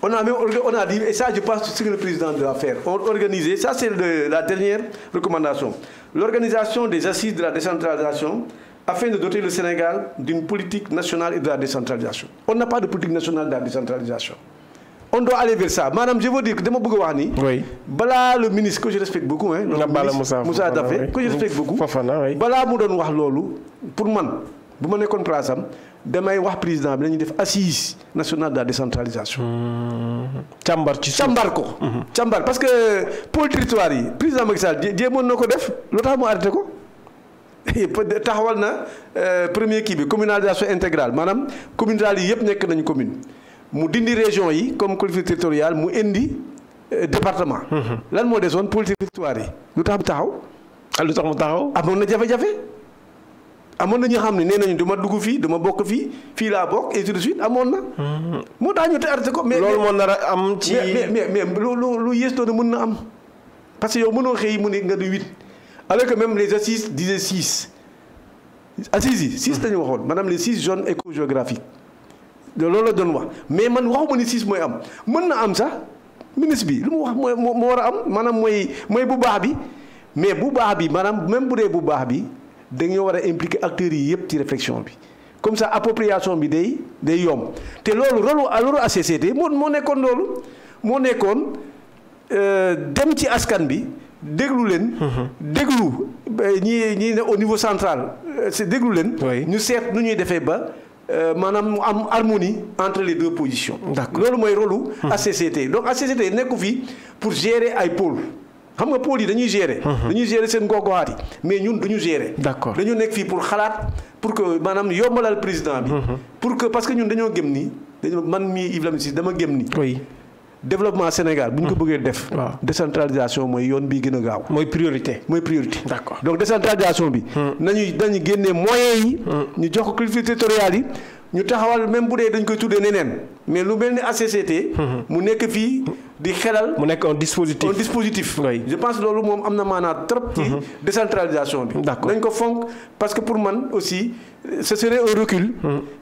[SPEAKER 3] on a même on a et ça je passe sur le président de l'affaire on organisé ça c'est de la dernière recommandation l'organisation des assises de la décentralisation afin de doter le Sénégal d'une politique nationale et de la décentralisation on n'a pas de politique nationale de la décentralisation on doit aller vers ça maanaam je veux dama bëgg a wax ni. oui balaa le ministre que je respecte beaucoup. hein donc ministre Moussa Daffé que je respecte beaucoup. balaa mu doon wax loolu pour man bu ma nekkoon place am damay wax président bi nañu def assise nationale de la décentralisation. Hmm. càmbar ci càmbar ko. Hmm. càmbar parce que pôle territoire yi président Macky Sall jéemoon na ko def loo tax mu arrêté ko. taxawal na euh, premier kii bi communalisation intégrale maanaam communes rurales yi yëpp nekk nañu commune. mu dindi région yi comme collectivité territoriale mu indi euh, département. Mhm. lan moo desoon territoire yi lu tax mu taxaw. Ah, lu tax mu taxaw. amoon na jafe-jafe amoon na ñoo xam ne nee nañu dama dugg fii dama bokk fii fii laa bokk et tout de suite amoon na. Mhm. moo tax ñu te arrêté ko. mais loolu moo a am ci. mais mais mais lu lu yées doon mën na am parce que yow mënoo xëy mu ne nga di huit alors que même les di disaient six assises yi. six la ñu waxoon maanaam les six zones écogéographiques loolu la doon wax mais man waxuma ni siis mooy am mën na am sax ministre bi lu mu wax mooy moo war a am maanaam mooy mooy bu baax bi mais bu baax bi maanaam même bu dee bu baax bi dañoo war a impliquer acteurs yi yëpp ci réflexion bi comme ça appropriation bi day day yomb te loolu rôle alors ACCT moo moo nekkoon loolu moo nekkoon euh, dem ci askan bi déglu leen. Mm-hmm. déglu ñi ñi ne au niveau central euh, déglu leen. ñu seet nu ñuy defee ba. Euh, maanaam mu am harmonie entre les deux positions. d'accord loolu mooy rôle hmm. ACCT donc ACCT nekku fii pour gérer ay pôle xam nga pôle yi dañuy gérer. Hmm. Hmm. dañuy gérer seen gox-goxaat yi mais ñun duñu gérer. d'accord dañu nekk fii pour xalaat pour que maanaam yombalal président bi. pour que parce que ñun dañoo gëm ni dañoo man mii Yves Lamine Cissé dama gëm ni. développement Sénégal bu ñu ko hmm. bëggee def. décentralisation mooy yoon bii gën a gaaw. mooy priorité mooy priorité. d'accord donc décentralisation bi. Hmm. nañu dañu génne moyens yi. Hmm. ñu jox ko collectivités territoriales yi. ñu taxawal même bu dee dañ koy tuddee neneen mais lu mel ni ACCT. mu nekk fii di xelal. mu nekk un dispositif un dispositif. oui je pense loolu moom am na maanaa trop. ci décentralisation bi. d'accord nañ ko fonk parce que pour man aussi. ce serait un recul.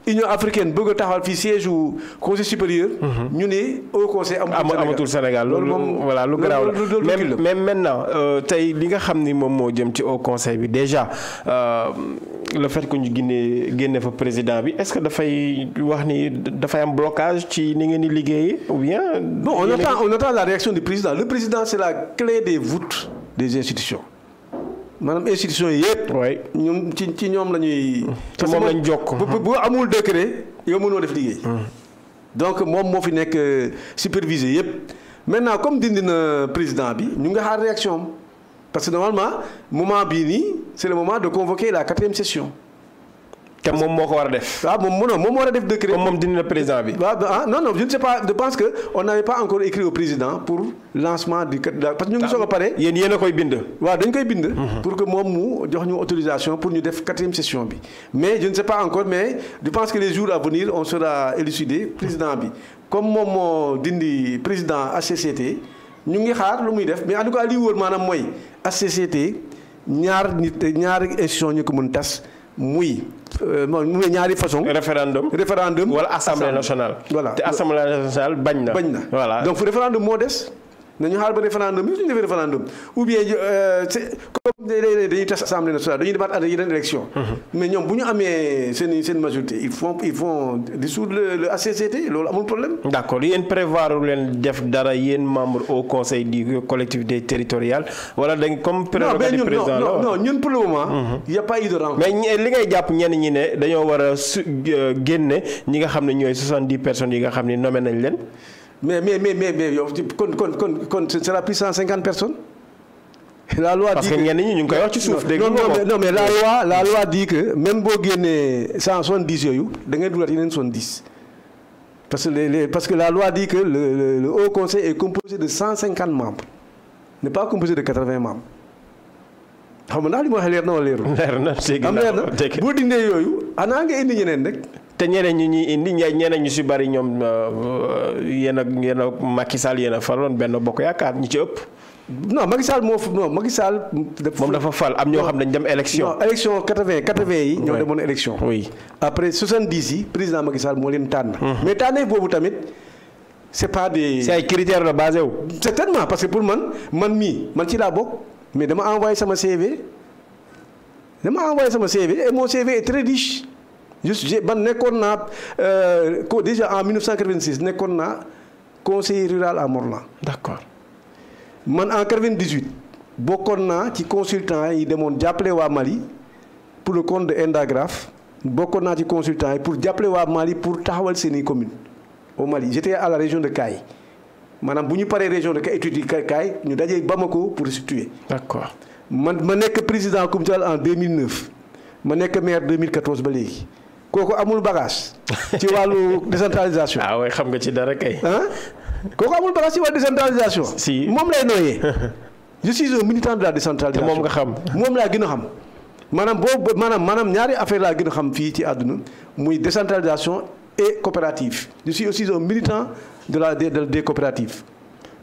[SPEAKER 3] Union africaine bëgg taxaw taxawal fii siège u conseil supérieur. ñu ne au conseil amatul
[SPEAKER 2] Sénégal loolu moom voilà lu garaaw la même même maintenant euh, tey li nga xam ni moom moo jëm ci au conseil bi déjà euh, le fait que ñu génne fa président bi est-ce que dafay wax ni dafay am blocage ci ni ngeen di liggéeyee ou bien. bon on attend on
[SPEAKER 3] attend la réaction du président le président c'est la clé des voûtes des institutions. maanaam institution yi yëpp. waay ñoom ci ci ñoom la ñuy. te moom lañ jokk bu bu amul décret yow mënoo def liggéey. Mm. donc moom moo fi nekk euh, supervisé yëpp. maintenant comme dindi na président bi ñu ngi xaar réaction am parce que normalement moment bii nii c'est le moment de convoquer la quatrième session. te moom moo ko war a def. waaw ah, moom mënoo moom war a def décret. comme moom dindi na président bi. waaw ah, non non je ne sais pas je pense que on n'avait pas encore écrit président pour lancement du parce que ñu ngi ah, soog a pare. yéen yéen koy bind. waaw dañ koy bind. Mhm. pour que moom mu jox ñu autorisation pour ñu def quatrième session bi mais je ne sais pas encore mais je pense que les jours à venir on sera élucidé président bi comme moom moo dindi président HCCT ñu ngi xaar lu muy def mais en tout cas li wóor maanaam mooy HCCT ñaar nit ñaari institution ñu ko mën tas muy. Euh, mu ne ñaari façon référendum référendum wala assemblée nationale. voilà te assemblée nationale bañ na. bañ na voilà donc référendum moo des. nañu xaar ba référendum yi suñu defee référendum ou bien euh, léeg-léeg dañuy tas assemblée nationale dañuy demaat à yeneen élection mhm. mais ñoom bu ñu amee seen seen majorité ils font ils font dissoudre le le loolu amul problème.
[SPEAKER 2] d' accord yéen leen def dara yéen membre au conseil du collectivité territoriale wala dañ comme. prérogative du
[SPEAKER 3] mhm. a pas eu mais li
[SPEAKER 2] ngay jàpp ñenn ñi ne dañoo war a su euh, génne ñi nga xam ne ñooy soixante-dix personnes yi nga xam ne nommé nañ leen.
[SPEAKER 3] mais mais mais mais yow kon kon kon kon ce sera plus la loi parce dit que ñenn ñi ñu ngi koy wax ci suuf. dégg non non mais boo génnee cent da ngay dugal yeneen soixante parce que les, les parce que la loi dit que de cent cinquante membres n'est pas composé de quatre-vingts membres xam nga ndax li ma wax leer na wala leer na dégg am leer na boo dindee yooyu anaa nga indi ñeneen rek. te
[SPEAKER 2] ñeneen ñi ñuy indi ñeneen ñu si bari ñoom euh, yéen a yéen a Macky Sall yéen a
[SPEAKER 3] benn bokk yaakaar ñu ci ëpp. non Macky Sall moo non Macky Sall. moom dafa fal am ñoo xam ne dañ dem élection. non élection 80 80 yi. ñoo demoon élection. oui après 70 yi président Macky Sall moo leen tànn. Mm-hmm. mais tànnee boobu tamit est pas des. c' la basé wu. certainement parce que pour man man mii man ci laa bokk mais dama envoyé sama CV dama envoyé sama CV et mon CV est très riche juste ban nekkoon naa ko euh, déjà en 1986 nekkoon naa conseiller rural à d' accord. man en 98 bokkoon naa ci consultant yi demoon jàppale waa Mali pour le compte de Endagraph bokkoon naa ci consultant yi pour jàppale waa Mali pour taxawal seeni commune au Mali j'étais à la région de Kaay maanaam bu ñu paree région de Kaay étude yi Kaay ñu dajee ko pour situer. d'accord man ma nekk président Koumtial en 2009 ma nekk maire 2014 ba léegi. kooku amul bagage ci wàllu décentralisation. ah xam nga ci dara kay. kooku amul dara si wàllu décentralisation. si moom lay nooyee. je suis un militant de la décentralisation. moom nga xam moom laa gën a xam. maanaam boobu maanaam maanaam ñaari affaire laa gën a xam fii ci àdduna muy décentralisation et coopérative je suis aussi un militant de la des des coopératives.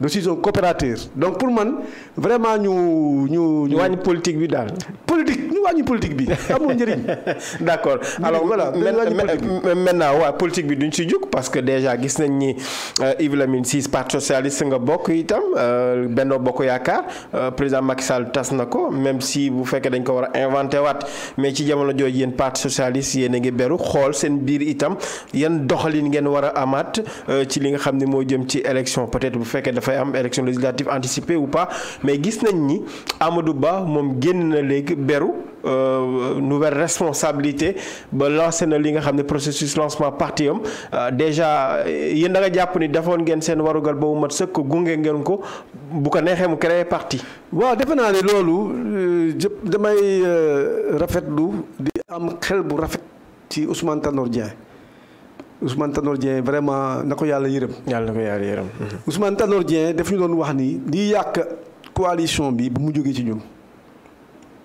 [SPEAKER 3] je suis un coopérateur donc pour man vraiment ñu ñu. ñu wàññi politique bi daal. politique ñu wàññi politique bi amul njëriñ. d' accord alors voilà maintenant
[SPEAKER 2] waaw politique bi duñ si jóg parce que déjà gis nañ ni euh, Yves Lamine Cissé parti socialiste nga bokk itam euh, Benno Bokk Yaakaar euh, président Macky Sall tas na ko même si bu fekkee dañ ko war a inventé waat mais ci jamono jooju yéen parti socialiste yéen a ngi beru xool seen biir itam yan doxalin ngeen war a amaat ci li nga xam ne moo jëm ci élection peut-être bu fekkee dafa dafay am élection législative anticipée ou pas mais gis nañ ni Amadou Ba moom génn na léegi beru euh, nouvelle responsabilité ba lancé na li nga xam ne processus lancement parti am euh, déjà yéen da jàpp ni defoon ngeen seen warugal boobu mu mat sëkk gunge
[SPEAKER 3] ngeen ko bu ko neexee mu créer parti. waaw defe naa ne loolu euh, jëpp damay rafetlu di am xel bu rafet ci Ousmane Tanor Ousmane Tanor Dieng vraiment na ko yàlla yërëm. yàlla na ko yàlla yërëm. Ousmane Tanor Dieng ñu doon wax ni liy yàq coalition bi bu mu jógee ci ñun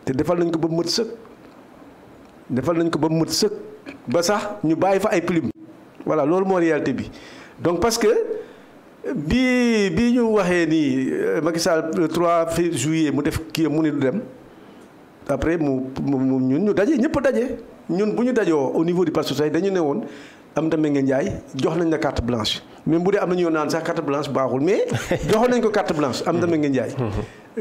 [SPEAKER 3] te defal nañ ko ba mët sëkk defal nañ ko ba mët sëkk ba sax ñu bàyyi fa ay plume voilà loolu moo réalité bi donc parce que bi bi ñu waxee ni euh, Macky Sall le 3 juillet mu def kii mu ni du dem après mu mu ñun ñu daje ñëpp daje ñun bu ñu dajoo au niveau du Parti socialiste dañu ne woon. am tamit nga Ndiaye jox nañ la carte blanche même bu dee am na ñoo naan sax carte blanche baaxul mais joxoon nañ ko carte blanche am tamit nga Ndiaye.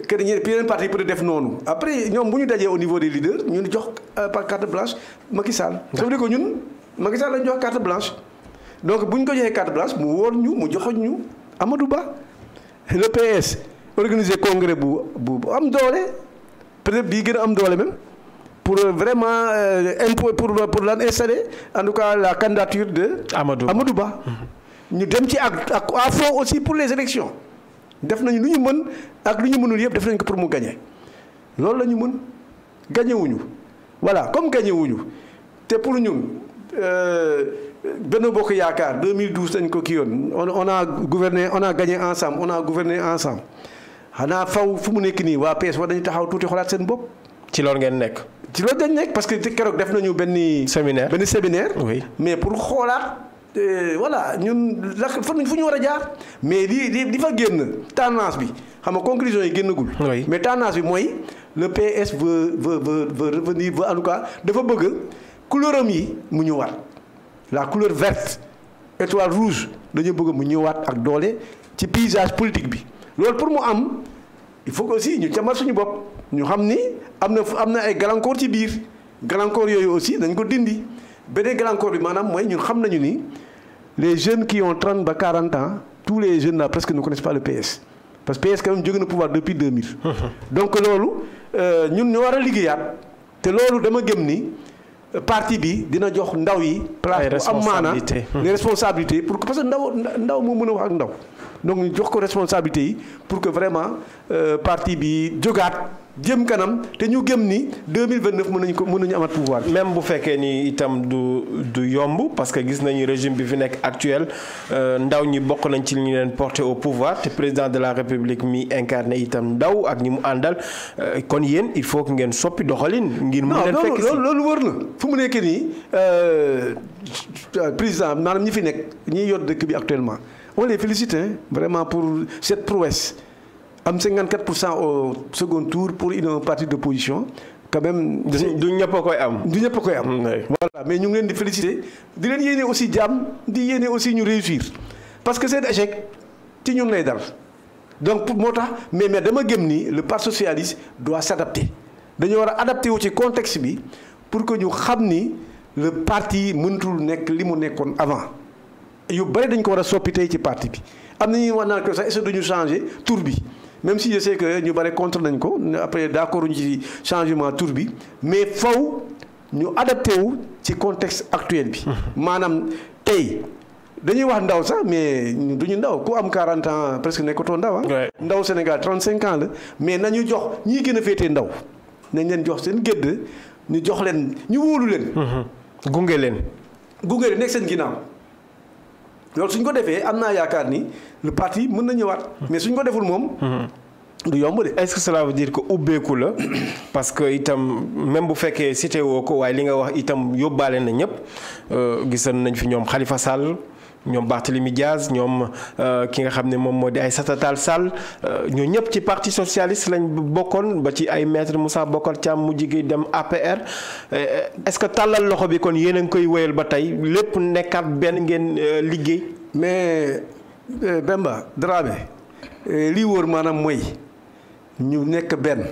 [SPEAKER 3] que dañuy yeneen parti peut def noonu après ñoom bu ñu dajee au niveau des leaders ñu jox euh, par carte blanche Macky Sall. ça veut dire que ñun Macky Sall jox carte blanche. donc bu ñu ko joxee carte blanche mu wóor ñu mu joxoon ñu Amadou Ba le PS organiser congrès bu bu am doole peut-être bii gën a am doole même. pour euh, vraiment euh, impôt pour euh, lan installer en tout cas la candidature de. Amadou amadu Ba. ñu dem ci ak ak à aussi pour les élections def nañu lu ñu mën ak lu ñu mënul yëpp def nañ ko pour mu gagné loolu la ñu mën gagné wuñu voilà comme gagné te pour ñun. Benno Bokk Yaakaar 2012 dañ ko kii yoon on on a gouverné on a gagné ensemble on a gouverné ensemble xanaa faw fu mu nekk nii waa PS war dañu taxaw tuuti xolaat seen bopp. ci loolu ngeen nekk. ci loolu dañ nekk parce que keroog def nañu benn. séminaire benn séminaire. mais pour xoolaat. Euh, voilà ñun la fa fu ñu war a jaar mais di di di fa génn tendance bi xam nga conclusion yi génnagul. mais tendance bi mooy le PS veut veut veut veut revenir veut en dafa bëgg couleuram yi mu ñëwaat la couleur verte étoile rouge dañu bëgg mu ñëwaat ak doole ci paysage politique bi loolu pour mu am il faut que aussi ñu camal suñu bopp. ñu xam ni am na am na ay gàllankoor ci biir gàllankoor yooyu aussi dañ ko dindi beneen gàllankoor bi maanaam mooy ñun xam nañu ni les jeunes qui ont 30 ba quarante ans tous les jeunes là presque ne connaissent pas le PS parce que PS quand même jóge na pouvoir depuis 2000. donc loolu euh, ñun ñu war a liggéeyaat te loolu dama gëm ni. Euh, parti bi dina jox ndaw yi place am maana les responsabilités pour que parce que ndaw ndaw moo mën a wax ak ndaw donc ñu jox ko responsabilité pour que vraiment euh, parti bi jógaat jëm kanam te ñu gëm ni 2029 mën nañu ko mën nañu amat pouvoir bi.
[SPEAKER 2] même bu fekkee ni itam du du yomb parce que gis nañu régime bi fi nekk actuel euh, ndaw ñi bokk nañ ci li ñu leen porté au pouvoir te président de la république mi incarné itam ndaw ak ñi mu àndal euh, kon yéen il faut que ngeen soppi
[SPEAKER 3] doxalin. ngir mu leen fekk si non loolu wër na fu mu nekk nii euh, président maanaam ñi fi nekk ñi yor dëkk bi actuellement on les félicite vraiment pour cette prouesse. am 54 pour cent au second tour pour une partie d'opposition quand même. du ñëpp a koy am. du ñëpp a koy am. voilà mais ñu ngi leen di féliciter di leen yéene aussi jàmm di yéene aussi ñu réussir parce que seen échec ci ñun lay dal donc moo tax mais mais dama gëm ni le parti socialiste doit s'adapter dañoo war a adapté wu ci contexte bi pour que ñu xam ni le parti mënatul nekk li mu nekkoon avant yu bëri dañ ko war a soppi tey ci parti bi am na ñuy wax naan que sax est tour bi. même si je sais que ñu bare contre nañ ko après d'accord ñu ci changement tour bi mais faw ñu adapté wu ci contexte actuel bi. Mhm. maanaam tey dañuy wax ndaw sax mais du ñu ndaw ku am 40 ans presque nekkatoo ndaw ah. ndaw Sénégal 35 ans la mais nañu jox ñii gën a féetee ndaw nañ leen jox seen gëdd ñu jox leen ñu wóolu leen. Mhm. gunge leen. gunge leen nekk seen ginnaaw. loolu suñ ko defee am naa yaakaar ni le parti mën na ñëwaat. mais suñ ko deful moom. lu mm-hmm. yomb de. est-ce que cela veut dire que ubbeeku la parce que itam
[SPEAKER 2] même bu fekkee cité woo ko waaye li nga wax itam yóbbaale na ñëpp euh, gisan nañ fi ñoom xalifa Sall. ñoom Barthélemy Diaz ñoom euh, ki nga xam ne moom moo di ay Tall Sall euh, ñoo ñëpp ci parti socialiste lañ bokkoon ba ci ay maître Moussa Bokar Thiam mujj gi dem APR euh, est-ce que tàllal loxo bi kon yéen a ngi koy woyal ba tey lépp nekkaat
[SPEAKER 3] benn ngeen liggéey. mais Bemba Dramé lii wóor maanaam mooy ñu nekk benn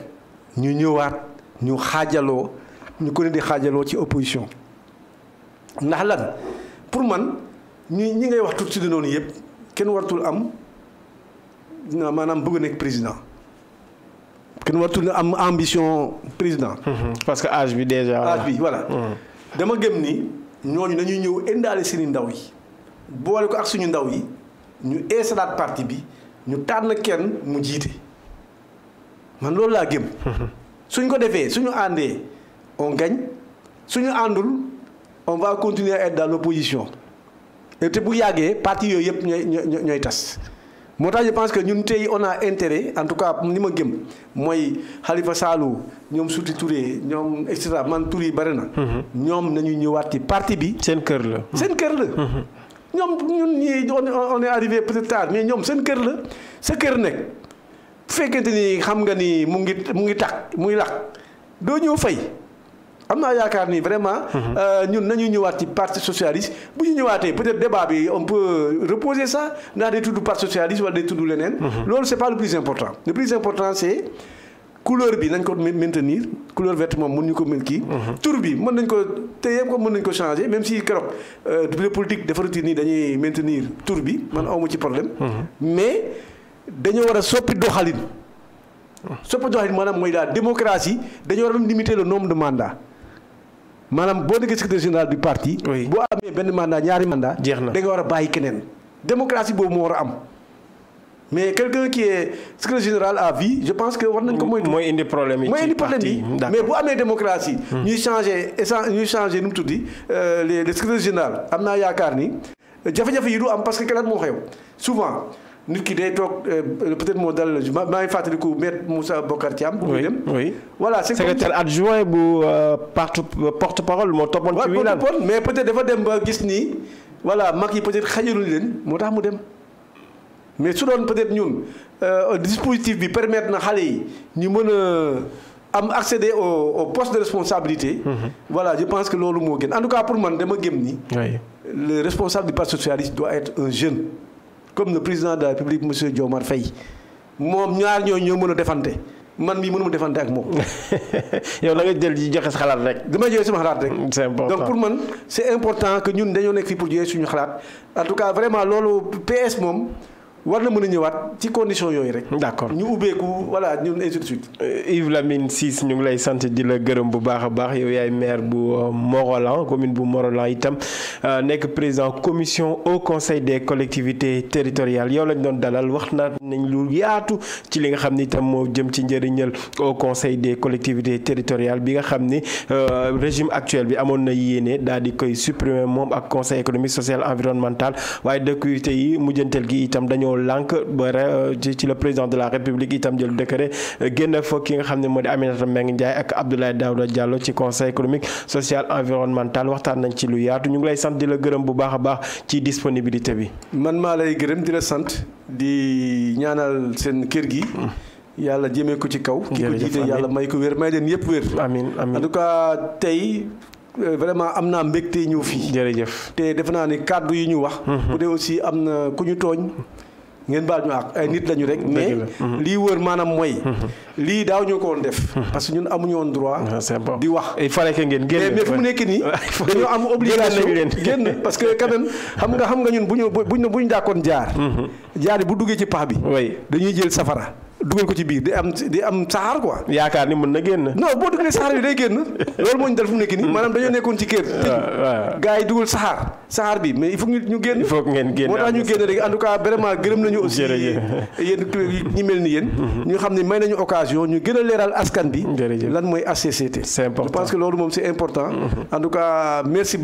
[SPEAKER 3] ñu ñëwaat ñu xaajaloo ñu ko ne di xaajaloo ci opposition ndax lan pour man. ñu ñu ngay wax tuuti noonu yëpp kenn wartul am maanaam bëgg nekk président kenn wartul am ambition président. Mhm. parce que âge bi déjà. âge bi voilà. Mhm. dama gëm ni ñooñu nañuy ñëw indaale seeni ndaw yi boole ko ak suñu ndaw yi ñu installaat parti bi ñu tànn kenn mu jiite man loolu laa gëm. Mhm. suñ ko defee suñu àndee on gagne suñu àndul on va continuer à être l'opposition te bu yàggee parti yooyu yëpp ñooy ñooy ñooy tas moo tax je pense que ñun tey on a intérêt en tout cas ni ma gëm mooy Khalifa Sallou ñoom Souti Touré ñoom et man turi yi bari na. Mhm. ñoom nañu ñëwaat ci parti bi. seen kër la seen kër la. Mhm. ñoom ñun ñii on est arrivé peut-être tard mais ñoom seen kër la sa kër nekk bu fekkente ni xam nga ni mu ngi mu ngi tàkk muy làkk doo ñëw fay. am naa yaakaar ni vraiment. Mhm. Euh, ñun nañu ñëwaat ci parti socialiste bu ñu ñëwaatee peut-être débat bi on peut reposer ça ndax day tudd parti socialiste wala day tudd leneen. Mhm. loolu c'est pas le plus important le plus important c'est couleur bi nañ ko maintenir couleur verte moom mën ñu ko mel kii. Mhm. tur bi mën nañ ko téye ko mën nañ ko changer même si keroog le euh, politique dafa retier nii dañuy maintenir tur bi man awma ci problème. mais dañoo war a soppi doxalin. Ah. soppi doxalin maanaam mooy la démocratie dañoo war a limiter de mandats. maanaam boo nekkee secrétaire général du parti. oui boo amee benn mandat ñaari mandat jeex na da nga war a bàyyi keneen. démocratie boobu moo war a am mais quelqu'un qui est secrétaire général à vie je pense que war nañ ko moytu. mooy indi problème yi mooy indi problème yi mais bu amee démocratie. Hmm. ñuy changé échan ñuy changé nu mu tuddi euh, les les secrétaires am naa yaakaar ni jafe-jafe yi du am parce que keneen moo xew souvent. nit ki day toog euh, peut-être moo dal maa maa ngi fàttaliku maître Moussa Bokar Thiam. bu dem oui voilà c' est secrétaire adjoint bu euh, porte parole moo toppoon. ci wilaan mais peut dafa dem ba gis ni voilà mag yi peut-être xajaluñ leen moo tax mu dem. mais su doon peut-être ñun euh, dispositif bi permettre na xale yi ñu mën a am accéder au au poste de responsabilité. Mhm. voilà je pense que loolu moo gën en tout cas pour man dama gëm ni. le responsable du parti socialiste doit être un jeune. comme le président de la République monsieur Diomaye Faye moom ñaar ñoo ñoo mën a defante man mii mënuma defante ak moom. yow la nga jël ji joxe sa xalaat rek. damay joxe sama xalaat rek. c'est donc pour man c'est important que ñun dañoo nekk fii pour joxe suñu xalaat en tout cas vraiment loolu PS moom. war na mën a ñëwaat ci condition yooyu rek. d'accord ñu ubbeeku voilà ñun ainsi de suite.
[SPEAKER 2] Euh, ñu ngi lay sant di la gërëm bu baax a baax yow yaay maire bu euh, Morolan commune bu Morolan itam euh, nekk président commission au conseil des collectivité territoriales yow lañ doon dalal wax naa nañ lu yaatu ci li nga xam ni itam moo jëm ci njëriñal au conseil de collectivités territoriales bi nga xam ni régime actuel bi amoon na yéene daal di koy supprimer moom ak conseil économique social environnemental waaye moo lànk ba ci le président de la république itam jël décret génn fa ki nga xam ne moo di Aminata Mbengue Ndiaye ak Abdoulaye Daouda Diallo ci conseil économique social environnemental waxtaan nañ ci lu yaatu ñu ngi lay sant di la gërëm bu baax a baax ci disponibilité bi.
[SPEAKER 3] man maa lay gërëm di la sant di ñaanal seen kër gi. Mm. yàlla jëmee ko ci kaw. ki ko jiite yàlla may ko wér may leen yëpp wér. amiin amiin en tout cas tey. Euh, vraiment am naa mbégte ñëw te defe naa ni kàddu yi ñu wax. Mm-hmm. ngeen baal ñu àq ay nit lañu rek. mais mhm. lii wër maanaam mooy. Mhm. lii daaw ñu ko woon def. Mhm. parce que ñun amuñu woon droit. Ah, di wax il fallait que ngeen génn. mais fu mu nekk nii dañoo am obligation génn parce que quand xam nga xam nga ñun bu ñu bu ñu bu ñu dàkkoon jaar. jaar bu duggee ci pax bi. dañuy jël safara. dugal ko ci biir di am di am saxaar quoi. yaakaar ni mën na génn. non boo dugalee saxaar bi day génn loolu moo ñu dal fu mu nekk nii maanaam dañoo nekkoon bi mais il faut ñu génn. il faut ngeen génn moo tax ñu génn rek en tout cas mhm. gën a leeral askan lan mooy HCCT. moom c'est important. Mhm. en tout cas merci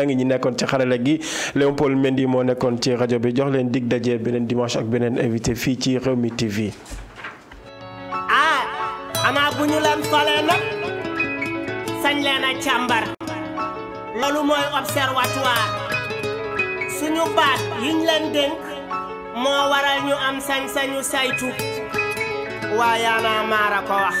[SPEAKER 2] ngi ñi nekkoon ci xarala gi Léopold Mendy moo nekkoon ci rajo bi jox leen dig daje beneen dimanche ak beneen invité fii ci Rewmi TV.
[SPEAKER 1] ah ama bu ñu leen falee nag sañ leen a càmbar loolu mooy observatoire suñu baat yiñ leen dénk moo waral ñu am sañ-sañu saytu waa yaana maara ko wax.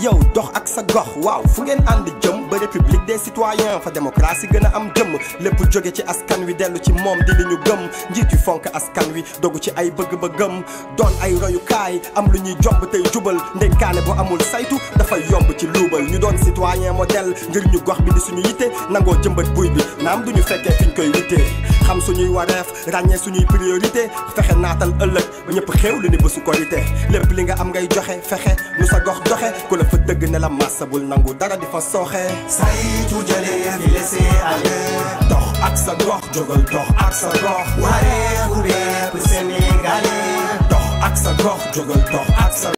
[SPEAKER 1] yow dox ak sa gox waaw fu ngeen ànd jëm ba république des citoyens fa démocratie gën a am jëm lépp jóge ci askan wi dellu ci moom di li ñu gëm njiit yu fonk askan wi dogu ci ay bëgg-bëggam doon ay royukaay am lu ñuy jomb tey jubal ndenkaane bu amul saytu dafay yomb ci luubal ñu doon citoyen modèle ngir ñu gox bi di suñu yitte nangoo jëmbat buy bi naam duñu fekkee fiñ koy wittee xam suñuy wareef ràññee suñuy priorité fexe naatal ëllëg ñëpp xéew li ni bésu korité lépp li nga am ngay joxe fexe nu sa gox doxe dafa dëgg ne la massa bul nangu dara di fa sooxe saytu jëlee fi laissé aller dox ak sa gox jógal dox ak sa gox wareefu bépp Sénégalais
[SPEAKER 2] dox ak sa gox jógal dox ak sa